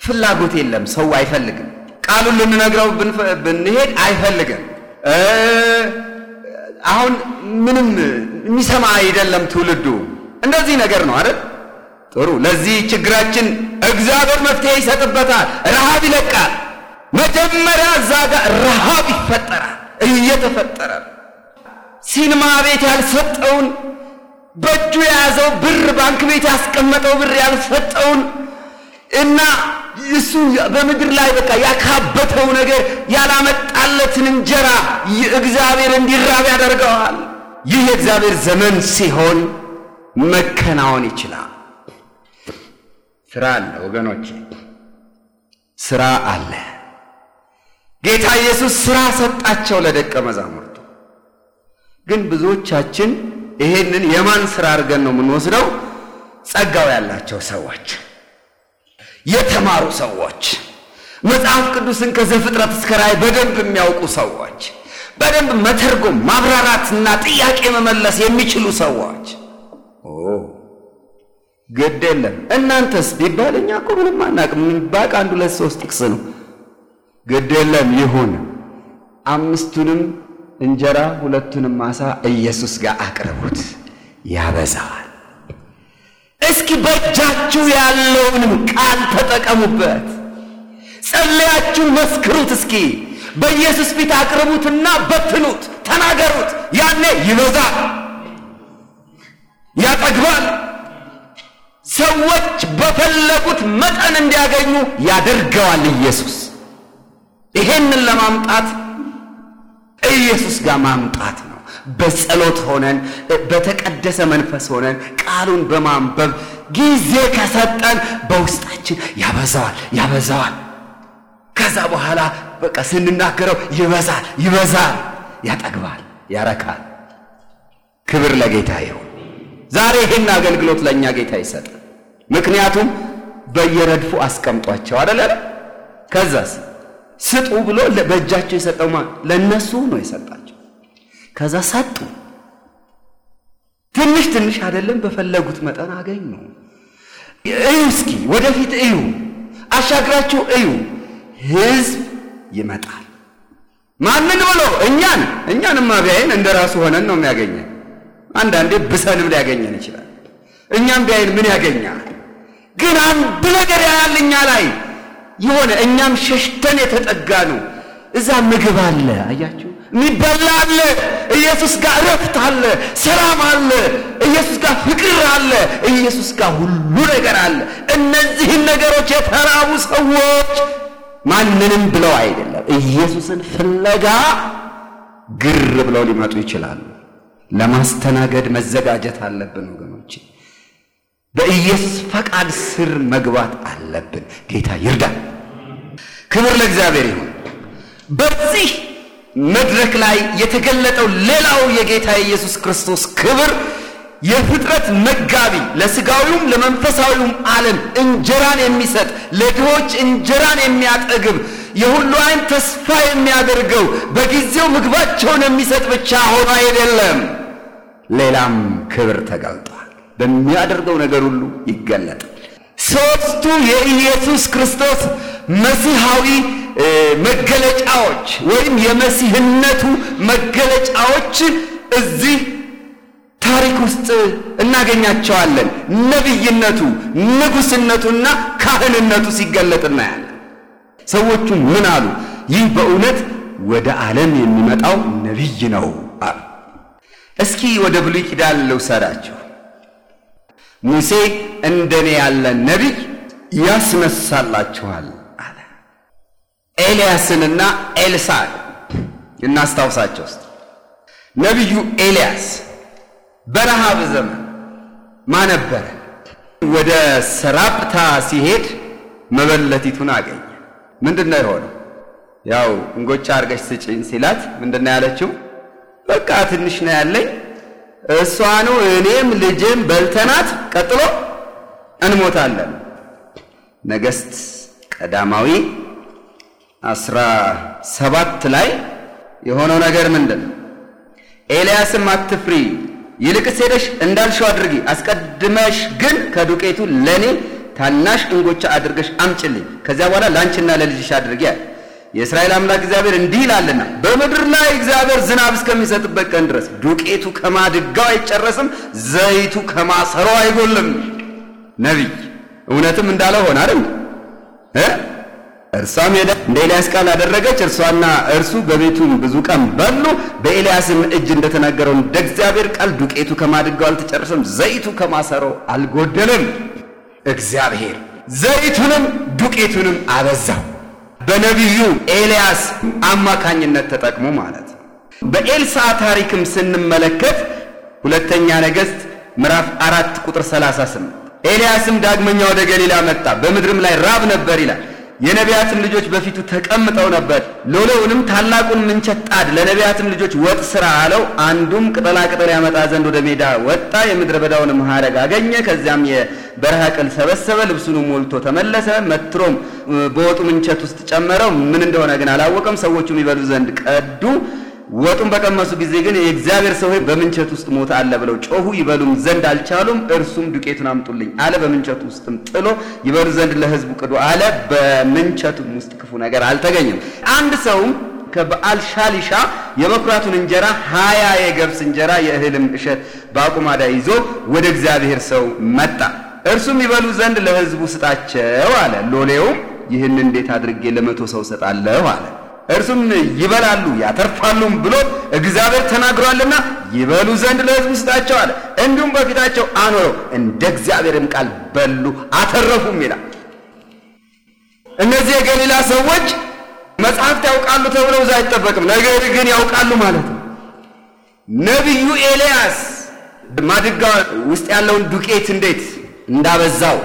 ፍላጎት የለም። ሰው አይፈልግም። ቃሉን ልንነግረው ብንሄድ አይፈልግም። አሁን ምንም የሚሰማ አይደለም ትውልዱ። እንደዚህ ነገር ነው አይደል? ጥሩ። ለዚህ ችግራችን እግዚአብሔር መፍትሄ ይሰጥበታል። ረሃብ ይለቃል። መጀመሪያ እዛ ጋር ረሃብ ይፈጠራል፣ እየተፈጠረ ሲኒማ ቤት ያልሰጠውን በእጁ የያዘው ብር ባንክ ቤት ያስቀመጠው ብር ያልሰጠውን እና እሱ በምድር ላይ በቃ ያካበተው ነገር ያላመጣለትን እንጀራ እግዚአብሔር እንዲራብ ያደርገዋል። ይህ የእግዚአብሔር ዘመን ሲሆን መከናወን ይችላል። ስራ አለ ወገኖች፣ ስራ አለ። ጌታ ኢየሱስ ስራ ሰጣቸው ለደቀ መዛሙርቱ። ግን ብዙዎቻችን ይሄንን የማን ስራ አድርገን ነው የምንወስደው? ጸጋው ያላቸው ሰዎች፣ የተማሩ ሰዎች፣ መጽሐፍ ቅዱስን ከዘፍጥረት እስከ ራእይ በደንብ የሚያውቁ ሰዎች፣ በደንብ መተርጎም ማብራራትና ጥያቄ መመለስ የሚችሉ ሰዎች ግድ የለም እናንተስ ቢባል እኛ እኮ ምንም አናውቅም የሚባቅ አንድ ሁለት ሶስት ጥቅስ ነው። ግድ የለም ይሁን። አምስቱንም እንጀራ ሁለቱንም ዓሣ ኢየሱስ ጋር አቅርቡት፣ ያበዛዋል። እስኪ በእጃችሁ ያለውንም ቃል ተጠቀሙበት። ጸለያችሁ መስክሩት። እስኪ በኢየሱስ ፊት አቅርቡትና በትኑት፣ ተናገሩት። ያኔ ይበዛል፣ ያጠግባል። ሰዎች በፈለጉት መጠን እንዲያገኙ ያደርገዋል ኢየሱስ። ይሄንን ለማምጣት ኢየሱስ ጋር ማምጣት ነው። በጸሎት ሆነን በተቀደሰ መንፈስ ሆነን ቃሉን በማንበብ ጊዜ ከሰጠን በውስጣችን ያበዛዋል ያበዛዋል። ከዛ በኋላ በቃ ስንናገረው ይበዛል ይበዛል፣ ያጠግባል፣ ያረካል። ክብር ለጌታ ይሁን። ዛሬ ይህን አገልግሎት ለእኛ ጌታ ይሰጥ። ምክንያቱም በየረድፉ አስቀምጧቸው አደለ? ከዛስ ስጡ ብሎ በእጃቸው የሰጠው ማ ለእነሱ ነው የሰጣቸው። ከዛ ሰጡ። ትንሽ ትንሽ አይደለም፣ በፈለጉት መጠን አገኙ። እዩ እስኪ ወደፊት እዩ፣ አሻግራችሁ እዩ። ህዝብ ይመጣል። ማንን ብሎ? እኛን። እኛንማ ማቢያይን እንደ ራሱ ሆነን ነው የሚያገኘን። አንዳንዴ ብሰንም ሊያገኘን ይችላል። እኛም ቢያይን ምን ያገኛል? ግን አንድ ነገር ያያል እኛ ላይ የሆነ እኛም ሸሽተን የተጠጋ ነው። እዛ ምግብ አለ፣ አያችሁ የሚበላ አለ። ኢየሱስ ጋር እረፍት አለ፣ ሰላም አለ። ኢየሱስ ጋር ፍቅር አለ። ኢየሱስ ጋር ሁሉ ነገር አለ። እነዚህን ነገሮች የተራቡ ሰዎች ማንንም ብለው አይደለም ኢየሱስን ፍለጋ ግር ብለው ሊመጡ ይችላሉ። ለማስተናገድ መዘጋጀት አለብን። በኢየሱስ ፈቃድ ስር መግባት አለብን። ጌታ ይርዳል። ክብር ለእግዚአብሔር ይሁን። በዚህ መድረክ ላይ የተገለጠው ሌላው የጌታ የኢየሱስ ክርስቶስ ክብር የፍጥረት መጋቢ ለስጋዊውም ለመንፈሳዊውም ዓለም እንጀራን የሚሰጥ ለድሆች እንጀራን የሚያጠግብ የሁሉ ዓይን ተስፋ የሚያደርገው በጊዜው ምግባቸውን የሚሰጥ ብቻ ሆኖ አይደለም፣ ሌላም ክብር ተገልጧል። በሚያደርገው ነገር ሁሉ ይገለጣል። ሶስቱ የኢየሱስ ክርስቶስ መሲሐዊ መገለጫዎች ወይም የመሲህነቱ መገለጫዎች እዚህ ታሪክ ውስጥ እናገኛቸዋለን። ነቢይነቱ፣ ንጉሥነቱና ካህንነቱ ሲገለጥ እናያለን። ሰዎቹ ምን አሉ? ይህ በእውነት ወደ ዓለም የሚመጣው ነቢይ ነው አሉ። እስኪ ወደ ብሉይ ኪዳን ልውሰዳቸው። ሙሴ እንደኔ ያለ ነቢይ ያስነሳላችኋል አለ። ኤልያስንና ኤልሳን እናስታውሳቸው ስ ነቢዩ ኤልያስ በረሃብ ዘመን ማነበረ ወደ ሰራፕታ ሲሄድ መበለቲቱን አገኘ። ምንድን ነው የሆነው? ያው እንጎቻ አድርገሽ ስጭኝ ሲላት ምንድን ነው ያለችው? በቃ ትንሽ ነው ያለኝ እሷኑ እኔም ልጅም በልተናት ቀጥሎ እንሞታለን። ነገሥት ቀዳማዊ አስራ ሰባት ላይ የሆነው ነገር ምንድን ነው? ኤልያስም አትፍሪ፣ ይልቅስ ሄደሽ እንዳልሽው አድርጊ። አስቀድመሽ ግን ከዱቄቱ ለእኔ ታናሽ እንጎቻ አድርገሽ አምጭልኝ፣ ከዚያ በኋላ ለአንቺና ለልጅሽ አድርጊ አለ። የእስራኤል አምላክ እግዚአብሔር እንዲህ ይላልና በምድር ላይ እግዚአብሔር ዝናብ እስከሚሰጥበት ቀን ድረስ ዱቄቱ ከማድጋው አይጨረስም፣ ዘይቱ ከማሰሮ አይጎልም። ነቢይ እውነትም እንዳለ ሆነ አይደል? እርሷም ሄዳ እንደ ኤልያስ ቃል አደረገች። እርሷና እርሱ በቤቱም ብዙ ቀን በሉ። በኤልያስም እጅ እንደተናገረው እንደ እግዚአብሔር ቃል ዱቄቱ ከማድጋው አልተጨረሰም፣ ዘይቱ ከማሰሮ አልጎደልም። እግዚአብሔር ዘይቱንም ዱቄቱንም አበዛው። በነቢዩ ኤልያስ አማካኝነት ተጠቅሞ ማለት ነው። በኤልሳ ታሪክም ስንመለከት ሁለተኛ ነገሥት ምዕራፍ አራት ቁጥር 38 ኤልያስም ዳግመኛ ወደ ገሊላ መጣ፣ በምድርም ላይ ራብ ነበር ይላል። የነቢያትም ልጆች በፊቱ ተቀምጠው ነበር። ሎሌውንም ታላቁን ምንቸት ጣድ፣ ለነቢያትም ልጆች ወጥ ስራ አለው። አንዱም ቅጠላ ቅጠል ያመጣ ዘንድ ወደ ሜዳ ወጣ፣ የምድረ በዳውንም ሐረግ አገኘ። ከዚያም የበረሃ ቅል ሰበሰበ፣ ልብሱን ሞልቶ ተመለሰ። መትሮም በወጡ ምንቸት ውስጥ ጨመረው፣ ምን እንደሆነ ግን አላወቀም። ሰዎቹም ይበሉ ዘንድ ቀዱ። ወጡን በቀመሱ ጊዜ ግን የእግዚአብሔር ሰው በምንቸት ውስጥ ሞተ አለ ብለው ጮሁ። ይበሉም ዘንድ አልቻሉም። እርሱም ዱቄቱን አምጡልኝ አለ። በምንቸቱ ውስጥም ጥሎ ይበሉ ዘንድ ለሕዝቡ ቅዱ አለ። በምንቸቱም ውስጥ ክፉ ነገር አልተገኘም። አንድ ሰውም ከበዓል ሻሊሻ የበኩራቱን እንጀራ ሀያ የገብስ እንጀራ የእህልም እሸት በአቁማዳ ይዞ ወደ እግዚአብሔር ሰው መጣ። እርሱም ይበሉ ዘንድ ለሕዝቡ ስጣቸው አለ። ሎሌውም ይህን እንዴት አድርጌ ለመቶ ሰው ሰጣለሁ አለ። እርሱም ይበላሉ ያተርፋሉም ብሎ እግዚአብሔር ተናግሯልና ይበሉ ዘንድ ለሕዝቡ ስጣቸው አለ። እንዲሁም በፊታቸው አኖረው፣ እንደ እግዚአብሔርም ቃል በሉ አተረፉም ይላል። እነዚህ የገሊላ ሰዎች መጽሐፍት ያውቃሉ ተብለው እዛ አይጠበቅም። ነገር ግን ያውቃሉ ማለት ነው። ነቢዩ ኤልያስ ማድጋ ውስጥ ያለውን ዱቄት እንዴት እንዳበዛው፣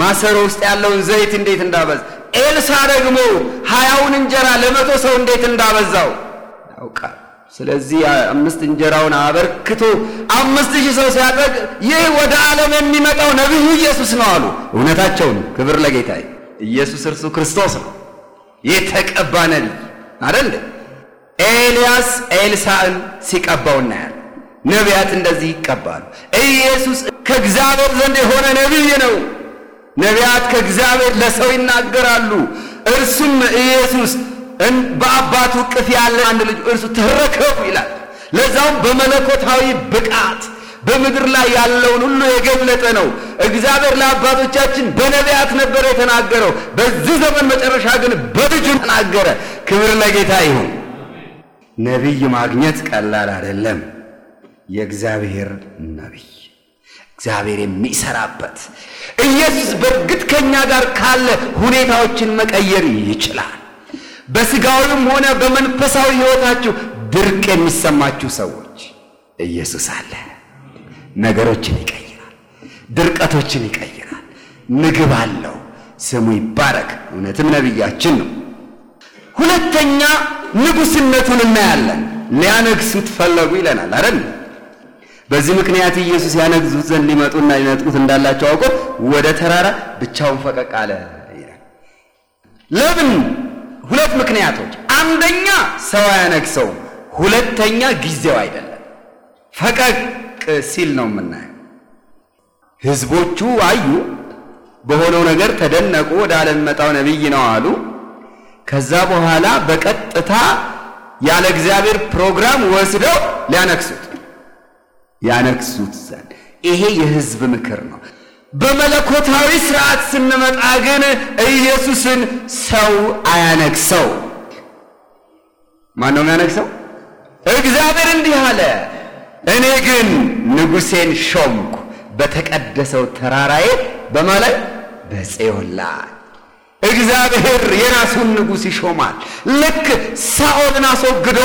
ማሰሮ ውስጥ ያለውን ዘይት እንዴት እንዳበዛ ኤልሳ ደግሞ ሀያውን እንጀራ ለመቶ ሰው እንዴት እንዳበዛው ያውቃል። ስለዚህ አምስት እንጀራውን አበርክቶ አምስት ሺህ ሰው ሲያጠግ ይህ ወደ ዓለም የሚመጣው ነቢዩ ኢየሱስ ነው አሉ። እውነታቸውን ክብር ለጌታ ኢየሱስ እርሱ ክርስቶስ ነው የተቀባ ነቢይ አደለ። ኤልያስ ኤልሳዕን ሲቀባው እናያል። ነቢያት እንደዚህ ይቀባሉ። ኢየሱስ ከእግዚአብሔር ዘንድ የሆነ ነቢይ ነው። ነቢያት ከእግዚአብሔር ለሰው ይናገራሉ። እርሱም ኢየሱስ በአባቱ ቅፍ ያለ አንድ ልጅ እርሱ ተረከቡ ይላል። ለዛውም በመለኮታዊ ብቃት በምድር ላይ ያለውን ሁሉ የገለጠ ነው። እግዚአብሔር ለአባቶቻችን በነቢያት ነበር የተናገረው። በዚህ ዘመን መጨረሻ ግን በልጁ ተናገረ። ክብር ለጌታ ይሁን። ነቢይ ማግኘት ቀላል አይደለም። የእግዚአብሔር ነቢይ እግዚአብሔር የሚሰራበት ኢየሱስ በእርግጥ ከእኛ ጋር ካለ ሁኔታዎችን መቀየር ይችላል። በስጋዊም ሆነ በመንፈሳዊ ሕይወታችሁ ድርቅ የሚሰማችሁ ሰዎች ኢየሱስ አለ። ነገሮችን ይቀይራል፣ ድርቀቶችን ይቀይራል። ምግብ አለው። ስሙ ይባረክ። እውነትም ነቢያችን ነው። ሁለተኛ ንጉሥነቱን እናያለን። ሊያነግሱት ፈለጉ ይለናል አይደል? በዚህ ምክንያት ኢየሱስ ያነግዙት ዘንድ ሊመጡና ሊነጥቁት እንዳላቸው አውቆ ወደ ተራራ ብቻውን ፈቀቅ አለ። ለምን? ሁለት ምክንያቶች፣ አንደኛ ሰው አያነግሰውም፣ ሁለተኛ ጊዜው አይደለም። ፈቀቅ ሲል ነው የምናየው። ህዝቦቹ አዩ፣ በሆነው ነገር ተደነቁ። ወደ ዓለም መጣው ነቢይ ነው አሉ። ከዛ በኋላ በቀጥታ ያለ እግዚአብሔር ፕሮግራም ወስደው ሊያነግሱት ያነግሱት ዘንድ። ይሄ የህዝብ ምክር ነው። በመለኮታዊ ስርዓት ስንመጣ ግን ኢየሱስን ሰው አያነግሰው። ማን ነው የሚያነግሰው? እግዚአብሔር እንዲህ አለ፣ እኔ ግን ንጉሴን ሾምኩ በተቀደሰው ተራራዬ በማለት በጽዮን ላይ እግዚአብሔር የራሱን ንጉሥ ይሾማል። ልክ ሳኦልን አስወግዶ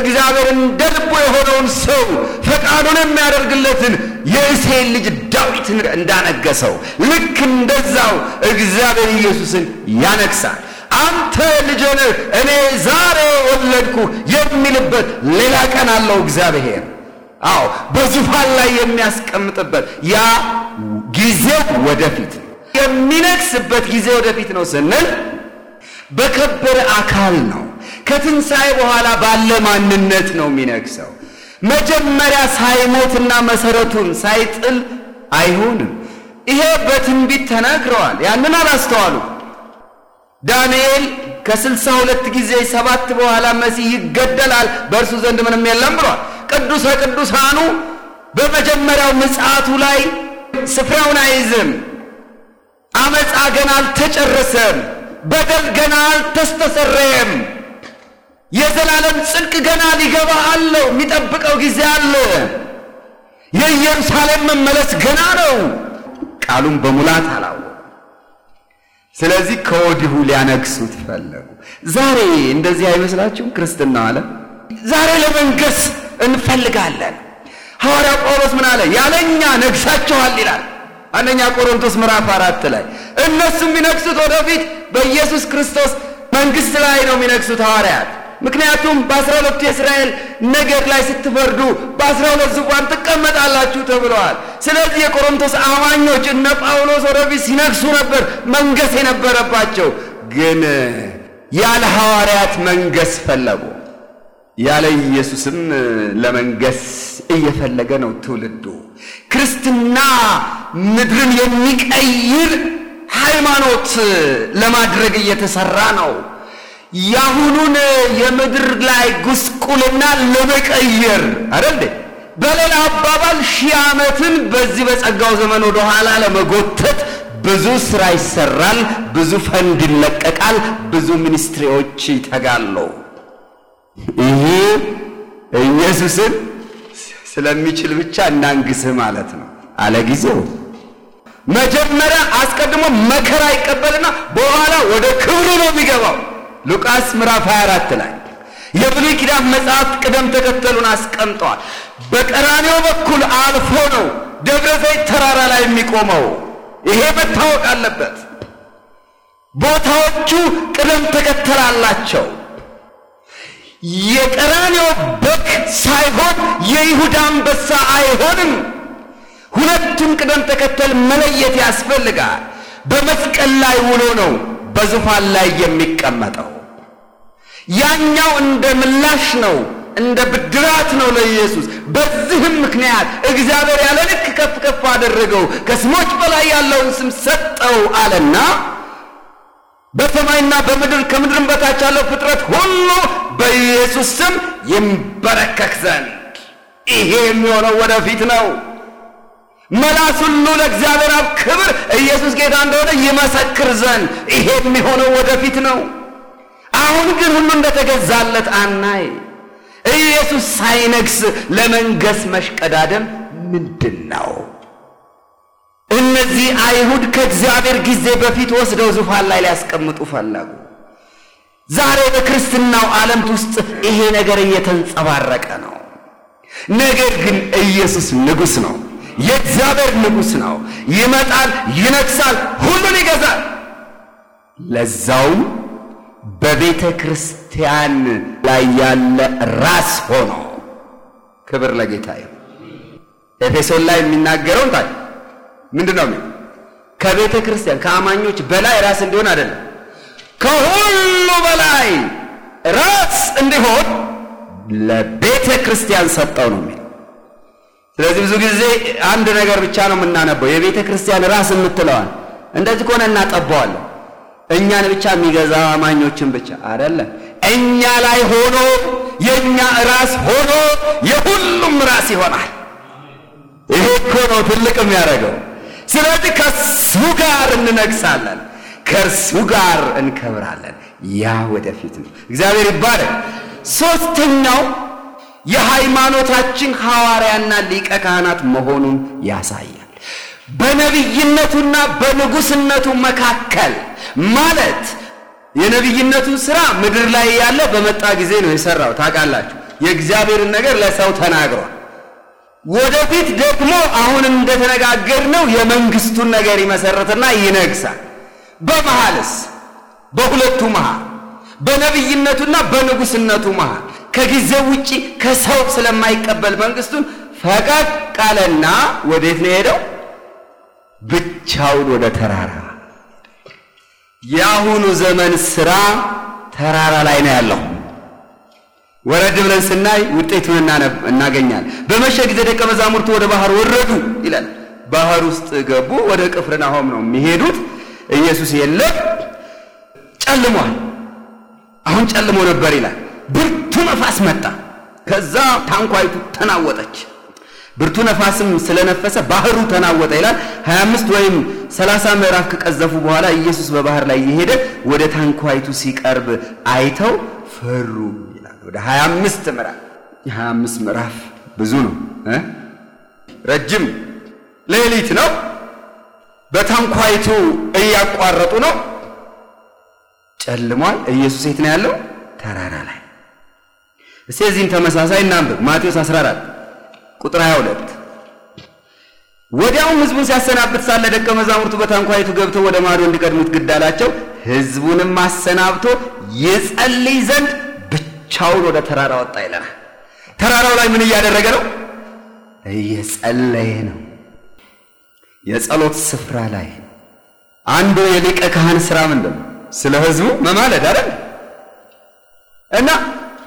እግዚአብሔር እንደ ልቡ የሆነውን ሰው ፈቃዱን የሚያደርግለትን የእሴይን ልጅ ዳዊትን እንዳነገሰው ልክ እንደዛው እግዚአብሔር ኢየሱስን ያነግሳል። አንተ ልጆነ እኔ ዛሬ ወለድኩ የሚልበት ሌላ ቀን አለው እግዚአብሔር። አዎ በዙፋን ላይ የሚያስቀምጥበት ያ ጊዜው ወደፊት የሚነግስበት ጊዜ ወደፊት ነው ስንል በከበረ አካል ነው። ከትንሣኤ በኋላ ባለ ማንነት ነው የሚነግሰው። መጀመሪያ ሳይሞትና መሰረቱን ሳይጥል አይሆንም። ይሄ በትንቢት ተናግረዋል። ያንን አላስተዋሉ። ዳንኤል ከስልሳ ሁለት ጊዜ ሰባት በኋላ መሲህ ይገደላል፣ በእርሱ ዘንድ ምንም የለም ብሏል። ቅዱሰ ቅዱሳኑ በመጀመሪያው ምጽአቱ ላይ ስፍራውን አይዝም። አመፃ ገና አልተጨረሰም። በደል ገና አልተስተሰረየም። የዘላለም ጽድቅ ገና ሊገባ አለው። የሚጠብቀው ጊዜ አለ። የኢየሩሳሌም መመለስ ገና ነው። ቃሉን በሙላት አላወቁም። ስለዚህ ከወዲሁ ሊያነግሱት ፈለጉ። ዛሬ እንደዚህ አይመስላችሁም? ክርስትና አለ ዛሬ ለመንገስ እንፈልጋለን። ሐዋርያ ጳውሎስ ምን አለ? ያለኛ ነግሳችኋል ይላል አንደኛ ቆሮንቶስ ምዕራፍ አራት ላይ እነሱ የሚነግሱት ወደፊት በኢየሱስ ክርስቶስ መንግስት ላይ ነው የሚነግሱት ሐዋርያት። ምክንያቱም በአስራ ሁለቱ የእስራኤል ነገድ ላይ ስትፈርዱ በአስራ ሁለት ዙፋን ትቀመጣላችሁ ተብለዋል። ስለዚህ የቆሮንቶስ አማኞች እነ ጳውሎስ ወደፊት ሲነግሱ ነበር መንገስ የነበረባቸው። ግን ያለ ሐዋርያት መንገስ ፈለጉ። ያለ ኢየሱስም ለመንገስ እየፈለገ ነው ትውልዱ። ክርስትና ምድርን የሚቀይር ሃይማኖት ለማድረግ እየተሰራ ነው። ያሁኑን የምድር ላይ ጉስቁልና ለመቀየር አይደል? በሌላ አባባል ሺህ ዓመትን በዚህ በጸጋው ዘመን ወደኋላ ለመጎተት ብዙ ስራ ይሰራል፣ ብዙ ፈንድ ይለቀቃል፣ ብዙ ሚኒስትሪዎች ይተጋሉ። ይህ ኢየሱስን ስለሚችል ብቻ እናንግስህ ማለት ነው አለ ጊዜው መጀመሪያ አስቀድሞ መከራ ይቀበልና በኋላ ወደ ክብሩ ነው የሚገባው ሉቃስ ምዕራፍ 24 ላይ የብሉይ ኪዳን መጽሐፍት ቅደም ተከተሉን አስቀምጠዋል በቀራኔው በኩል አልፎ ነው ደብረ ዘይት ተራራ ላይ የሚቆመው ይሄ መታወቅ አለበት ቦታዎቹ ቅደም ተከተል አላቸው የቀራኔው በግ ሳይሆን የይሁዳ አንበሳ አይሆንም። ሁለቱን ቅደም ተከተል መለየት ያስፈልጋል። በመስቀል ላይ ውሎ ነው በዙፋን ላይ የሚቀመጠው። ያኛው እንደ ምላሽ ነው፣ እንደ ብድራት ነው ለኢየሱስ። በዚህም ምክንያት እግዚአብሔር ያለ ልክ ከፍ ከፍ አደረገው፣ ከስሞች በላይ ያለውን ስም ሰጠው አለና በሰማይና በምድር ከምድርም በታች ያለው ፍጥረት ሁሉ በኢየሱስ ስም ይንበረከክ ዘንድ ይሄ የሚሆነው ወደፊት ነው። መላስ ሁሉ ለእግዚአብሔር አብ ክብር ኢየሱስ ጌታ እንደሆነ ይመሰክር ዘንድ ይሄ የሚሆነው ወደፊት ነው። አሁን ግን ሁሉ እንደተገዛለት አናይ። ኢየሱስ ሳይነግስ ለመንገስ መሽቀዳደም ምንድን ነው? እነዚህ አይሁድ ከእግዚአብሔር ጊዜ በፊት ወስደው ዙፋን ላይ ሊያስቀምጡ ፈለጉ። ዛሬ በክርስትናው ዓለም ውስጥ ይሄ ነገር እየተንጸባረቀ ነው። ነገር ግን ኢየሱስ ንጉሥ ነው። የእግዚአብሔር ንጉሥ ነው። ይመጣል፣ ይነግሳል፣ ሁሉን ይገዛል። ለዛውም በቤተ ክርስቲያን ላይ ያለ ራስ ሆኖ ክብር ለጌታ ይሁን። ኤፌሶን ላይ የሚናገረውን ታዲያ ምንድን ነው ከቤተ ክርስቲያን ከአማኞች በላይ ራስ እንዲሆን አይደለም፣ ከሁሉ በላይ ራስ እንዲሆን ለቤተ ክርስቲያን ሰጠው ነው የሚል። ስለዚህ ብዙ ጊዜ አንድ ነገር ብቻ ነው የምናነበው፣ የቤተ ክርስቲያን ራስ የምትለዋል። እንደዚህ ከሆነ እናጠባዋለን። እኛን ብቻ የሚገዛ አማኞችን ብቻ አይደለም፣ እኛ ላይ ሆኖ የእኛ ራስ ሆኖ የሁሉም ራስ ይሆናል። ይሄ እኮ ነው ትልቅ የሚያደርገው። ስለዚህ ከእሱ ጋር እንነግሳለን፣ ከእርሱ ጋር እንከብራለን። ያ ወደፊት ነው። እግዚአብሔር ይባረክ። ሦስተኛው የሃይማኖታችን ሐዋርያና ሊቀ ካህናት መሆኑን ያሳያል። በነቢይነቱና በንጉሥነቱ መካከል ማለት የነቢይነቱ ሥራ ምድር ላይ ያለ በመጣ ጊዜ ነው የሠራው። ታውቃላችሁ፣ የእግዚአብሔርን ነገር ለሰው ተናግሯል። ወደፊት ደግሞ አሁን እንደተነጋገርነው የመንግስቱን ነገር ይመሰረትና ይነግሳል። በመሃልስ በሁለቱ መሃል በነቢይነቱና በንጉስነቱ መሃል ከጊዜው ውጪ ከሰው ስለማይቀበል መንግስቱን ፈቀቅ ቃለና ወዴት ነው የሄደው? ብቻውን ወደ ተራራ። የአሁኑ ዘመን ስራ ተራራ ላይ ነው ያለው። ወረድ ብለን ስናይ ውጤቱን እናገኛል። በመሸ ጊዜ ደቀ መዛሙርቱ ወደ ባህር ወረዱ ይላል። ባህር ውስጥ ገቡ። ወደ ቅፍርናሆም ነው የሚሄዱት። ኢየሱስ የለም፣ ጨልሟል። አሁን ጨልሞ ነበር ይላል። ብርቱ ነፋስ መጣ። ከዛ ታንኳይቱ ተናወጠች። ብርቱ ነፋስም ስለነፈሰ ባህሩ ተናወጠ ይላል። 25 ወይም 30 ምዕራፍ ከቀዘፉ በኋላ ኢየሱስ በባህር ላይ እየሄደ ወደ ታንኳይቱ ሲቀርብ አይተው ፈሩ። ወደ 25 ምዕራፍ የ25 ምዕራፍ ብዙ ነው፣ ረጅም ሌሊት ነው። በታንኳይቱ እያቋረጡ ነው። ጨልሟል። ኢየሱስ የት ነው ያለው? ተራራ ላይ። እስቲ እዚህም ተመሳሳይ እናንብብ። ማቴዎስ 14 ቁጥር 22 ወዲያውም ሕዝቡን ሲያሰናብት ሳለ ደቀ መዛሙርቱ በታንኳይቱ ገብተው ወደ ማዶ እንዲቀድሙት ግድ አላቸው። ሕዝቡንም አሰናብቶ ይጸልይ ዘንድ ብቻውን ወደ ተራራ ወጣ ይላል። ተራራው ላይ ምን እያደረገ ነው? እየጸለየ ነው። የጸሎት ስፍራ ላይ አንዱ የሊቀ ካህን ስራ ምንድን ነው? ስለ ህዝቡ መማለድ አይደል? እና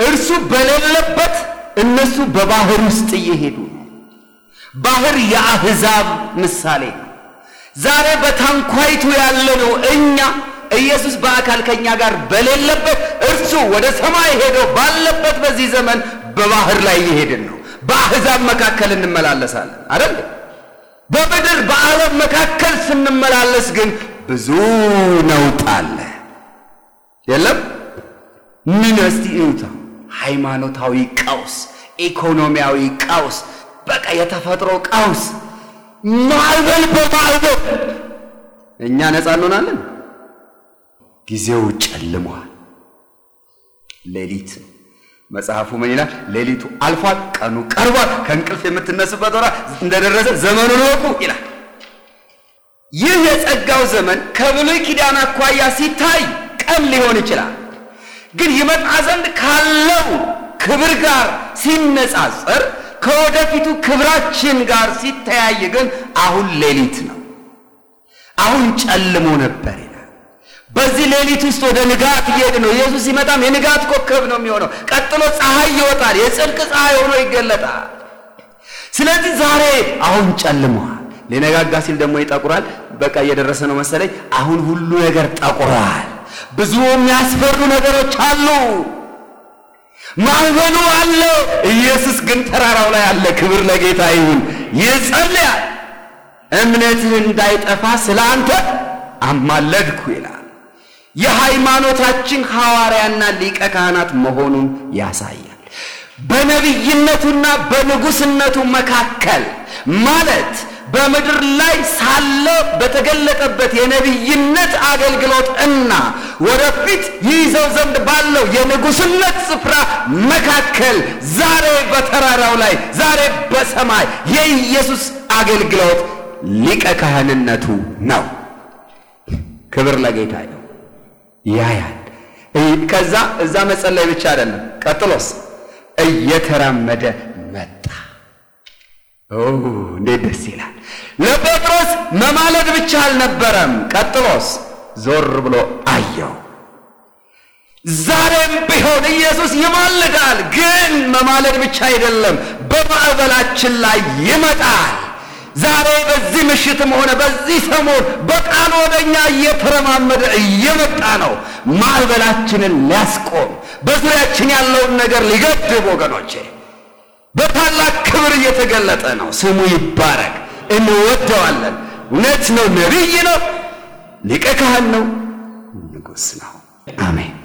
እርሱ በሌለበት እነሱ በባህር ውስጥ እየሄዱ ነው። ባህር የአህዛብ ምሳሌ ነው። ዛሬ በታንኳይቱ ነው እኛ ኢየሱስ በአካል ከኛ ጋር በሌለበት እሱ ወደ ሰማይ ሄዶ ባለበት በዚህ ዘመን በባህር ላይ እየሄድን ነው። በአሕዛብ መካከል እንመላለሳለን አይደል? በምድር በዓለም መካከል ስንመላለስ ግን ብዙ ነውጥ አለ። የለም ምን እስቲ እዩታ። ሃይማኖታዊ ቀውስ፣ ኢኮኖሚያዊ ቀውስ፣ በቃ የተፈጥሮ ቀውስ፣ ማዕበል በማዕበል እኛ ነፃ እንሆናለን። ጊዜው ጨልሟል። ሌሊት ነው። መጽሐፉ ምን ይላል? ሌሊቱ አልፏል፣ ቀኑ ቀርቧል፣ ከእንቅልፍ የምትነሱበት ወራ እንደደረሰ ዘመኑን እወቁ ይላል። ይህ የጸጋው ዘመን ከብሉይ ኪዳን አኳያ ሲታይ ቀን ሊሆን ይችላል፣ ግን ይመጣ ዘንድ ካለው ክብር ጋር ሲነጻጸር ከወደፊቱ ክብራችን ጋር ሲተያይ ግን አሁን ሌሊት ነው። አሁን ጨልሞ ነበር። በዚህ ሌሊት ውስጥ ወደ ንጋት እየሄድ ነው። ኢየሱስ ሲመጣም የንጋት ኮከብ ነው የሚሆነው። ቀጥሎ ፀሐይ ይወጣል፣ የጽድቅ ፀሐይ ሆኖ ይገለጣል። ስለዚህ ዛሬ አሁን ጨልመዋል፣ ሊነጋጋ ሲል ደግሞ ይጠቁራል። በቃ እየደረሰ ነው መሰለኝ። አሁን ሁሉ ነገር ጠቁራል። ብዙ የሚያስፈሩ ነገሮች አሉ፣ ማዕበሉ አለ። ኢየሱስ ግን ተራራው ላይ አለ። ክብር ለጌታ ይሁን። ይጸልያል፣ እምነትህ እንዳይጠፋ ስለ አንተ አማለድኩ ይላል። የሃይማኖታችን ሐዋርያና ሊቀ ካህናት መሆኑን ያሳያል። በነቢይነቱና በንጉሥነቱ መካከል ማለት በምድር ላይ ሳለ በተገለጠበት የነቢይነት አገልግሎት እና ወደፊት ይይዘው ዘንድ ባለው የንጉሥነት ስፍራ መካከል ዛሬ በተራራው ላይ ዛሬ በሰማይ የኢየሱስ አገልግሎት ሊቀ ካህንነቱ ነው። ክብር ለጌታ። ያያል። ከዛ እዛ መጸለይ ብቻ አይደለም፣ ቀጥሎስ እየተራመደ መጣ። እንዴት ደስ ይላል! ለጴጥሮስ መማለድ ብቻ አልነበረም። ቀጥሎስ ዞር ብሎ አየው። ዛሬም ቢሆን ኢየሱስ ይማልዳል፣ ግን መማለድ ብቻ አይደለም፣ በማዕበላችን ላይ ይመጣል። ዛሬ በዚህ ምሽትም ሆነ በዚህ ሰሞን በቃል ወደ እኛ እየተረማመደ እየመጣ ነው። ማዕበላችንን ሊያስቆም በዙሪያችን ያለውን ነገር ሊገድብ ወገኖቼ በታላቅ ክብር እየተገለጠ ነው። ስሙ ይባረክ። እንወደዋለን። እውነት ነው፣ ነቢይ ነው፣ ሊቀ ካህን ነው፣ ንጉሥ ነው። አሜን።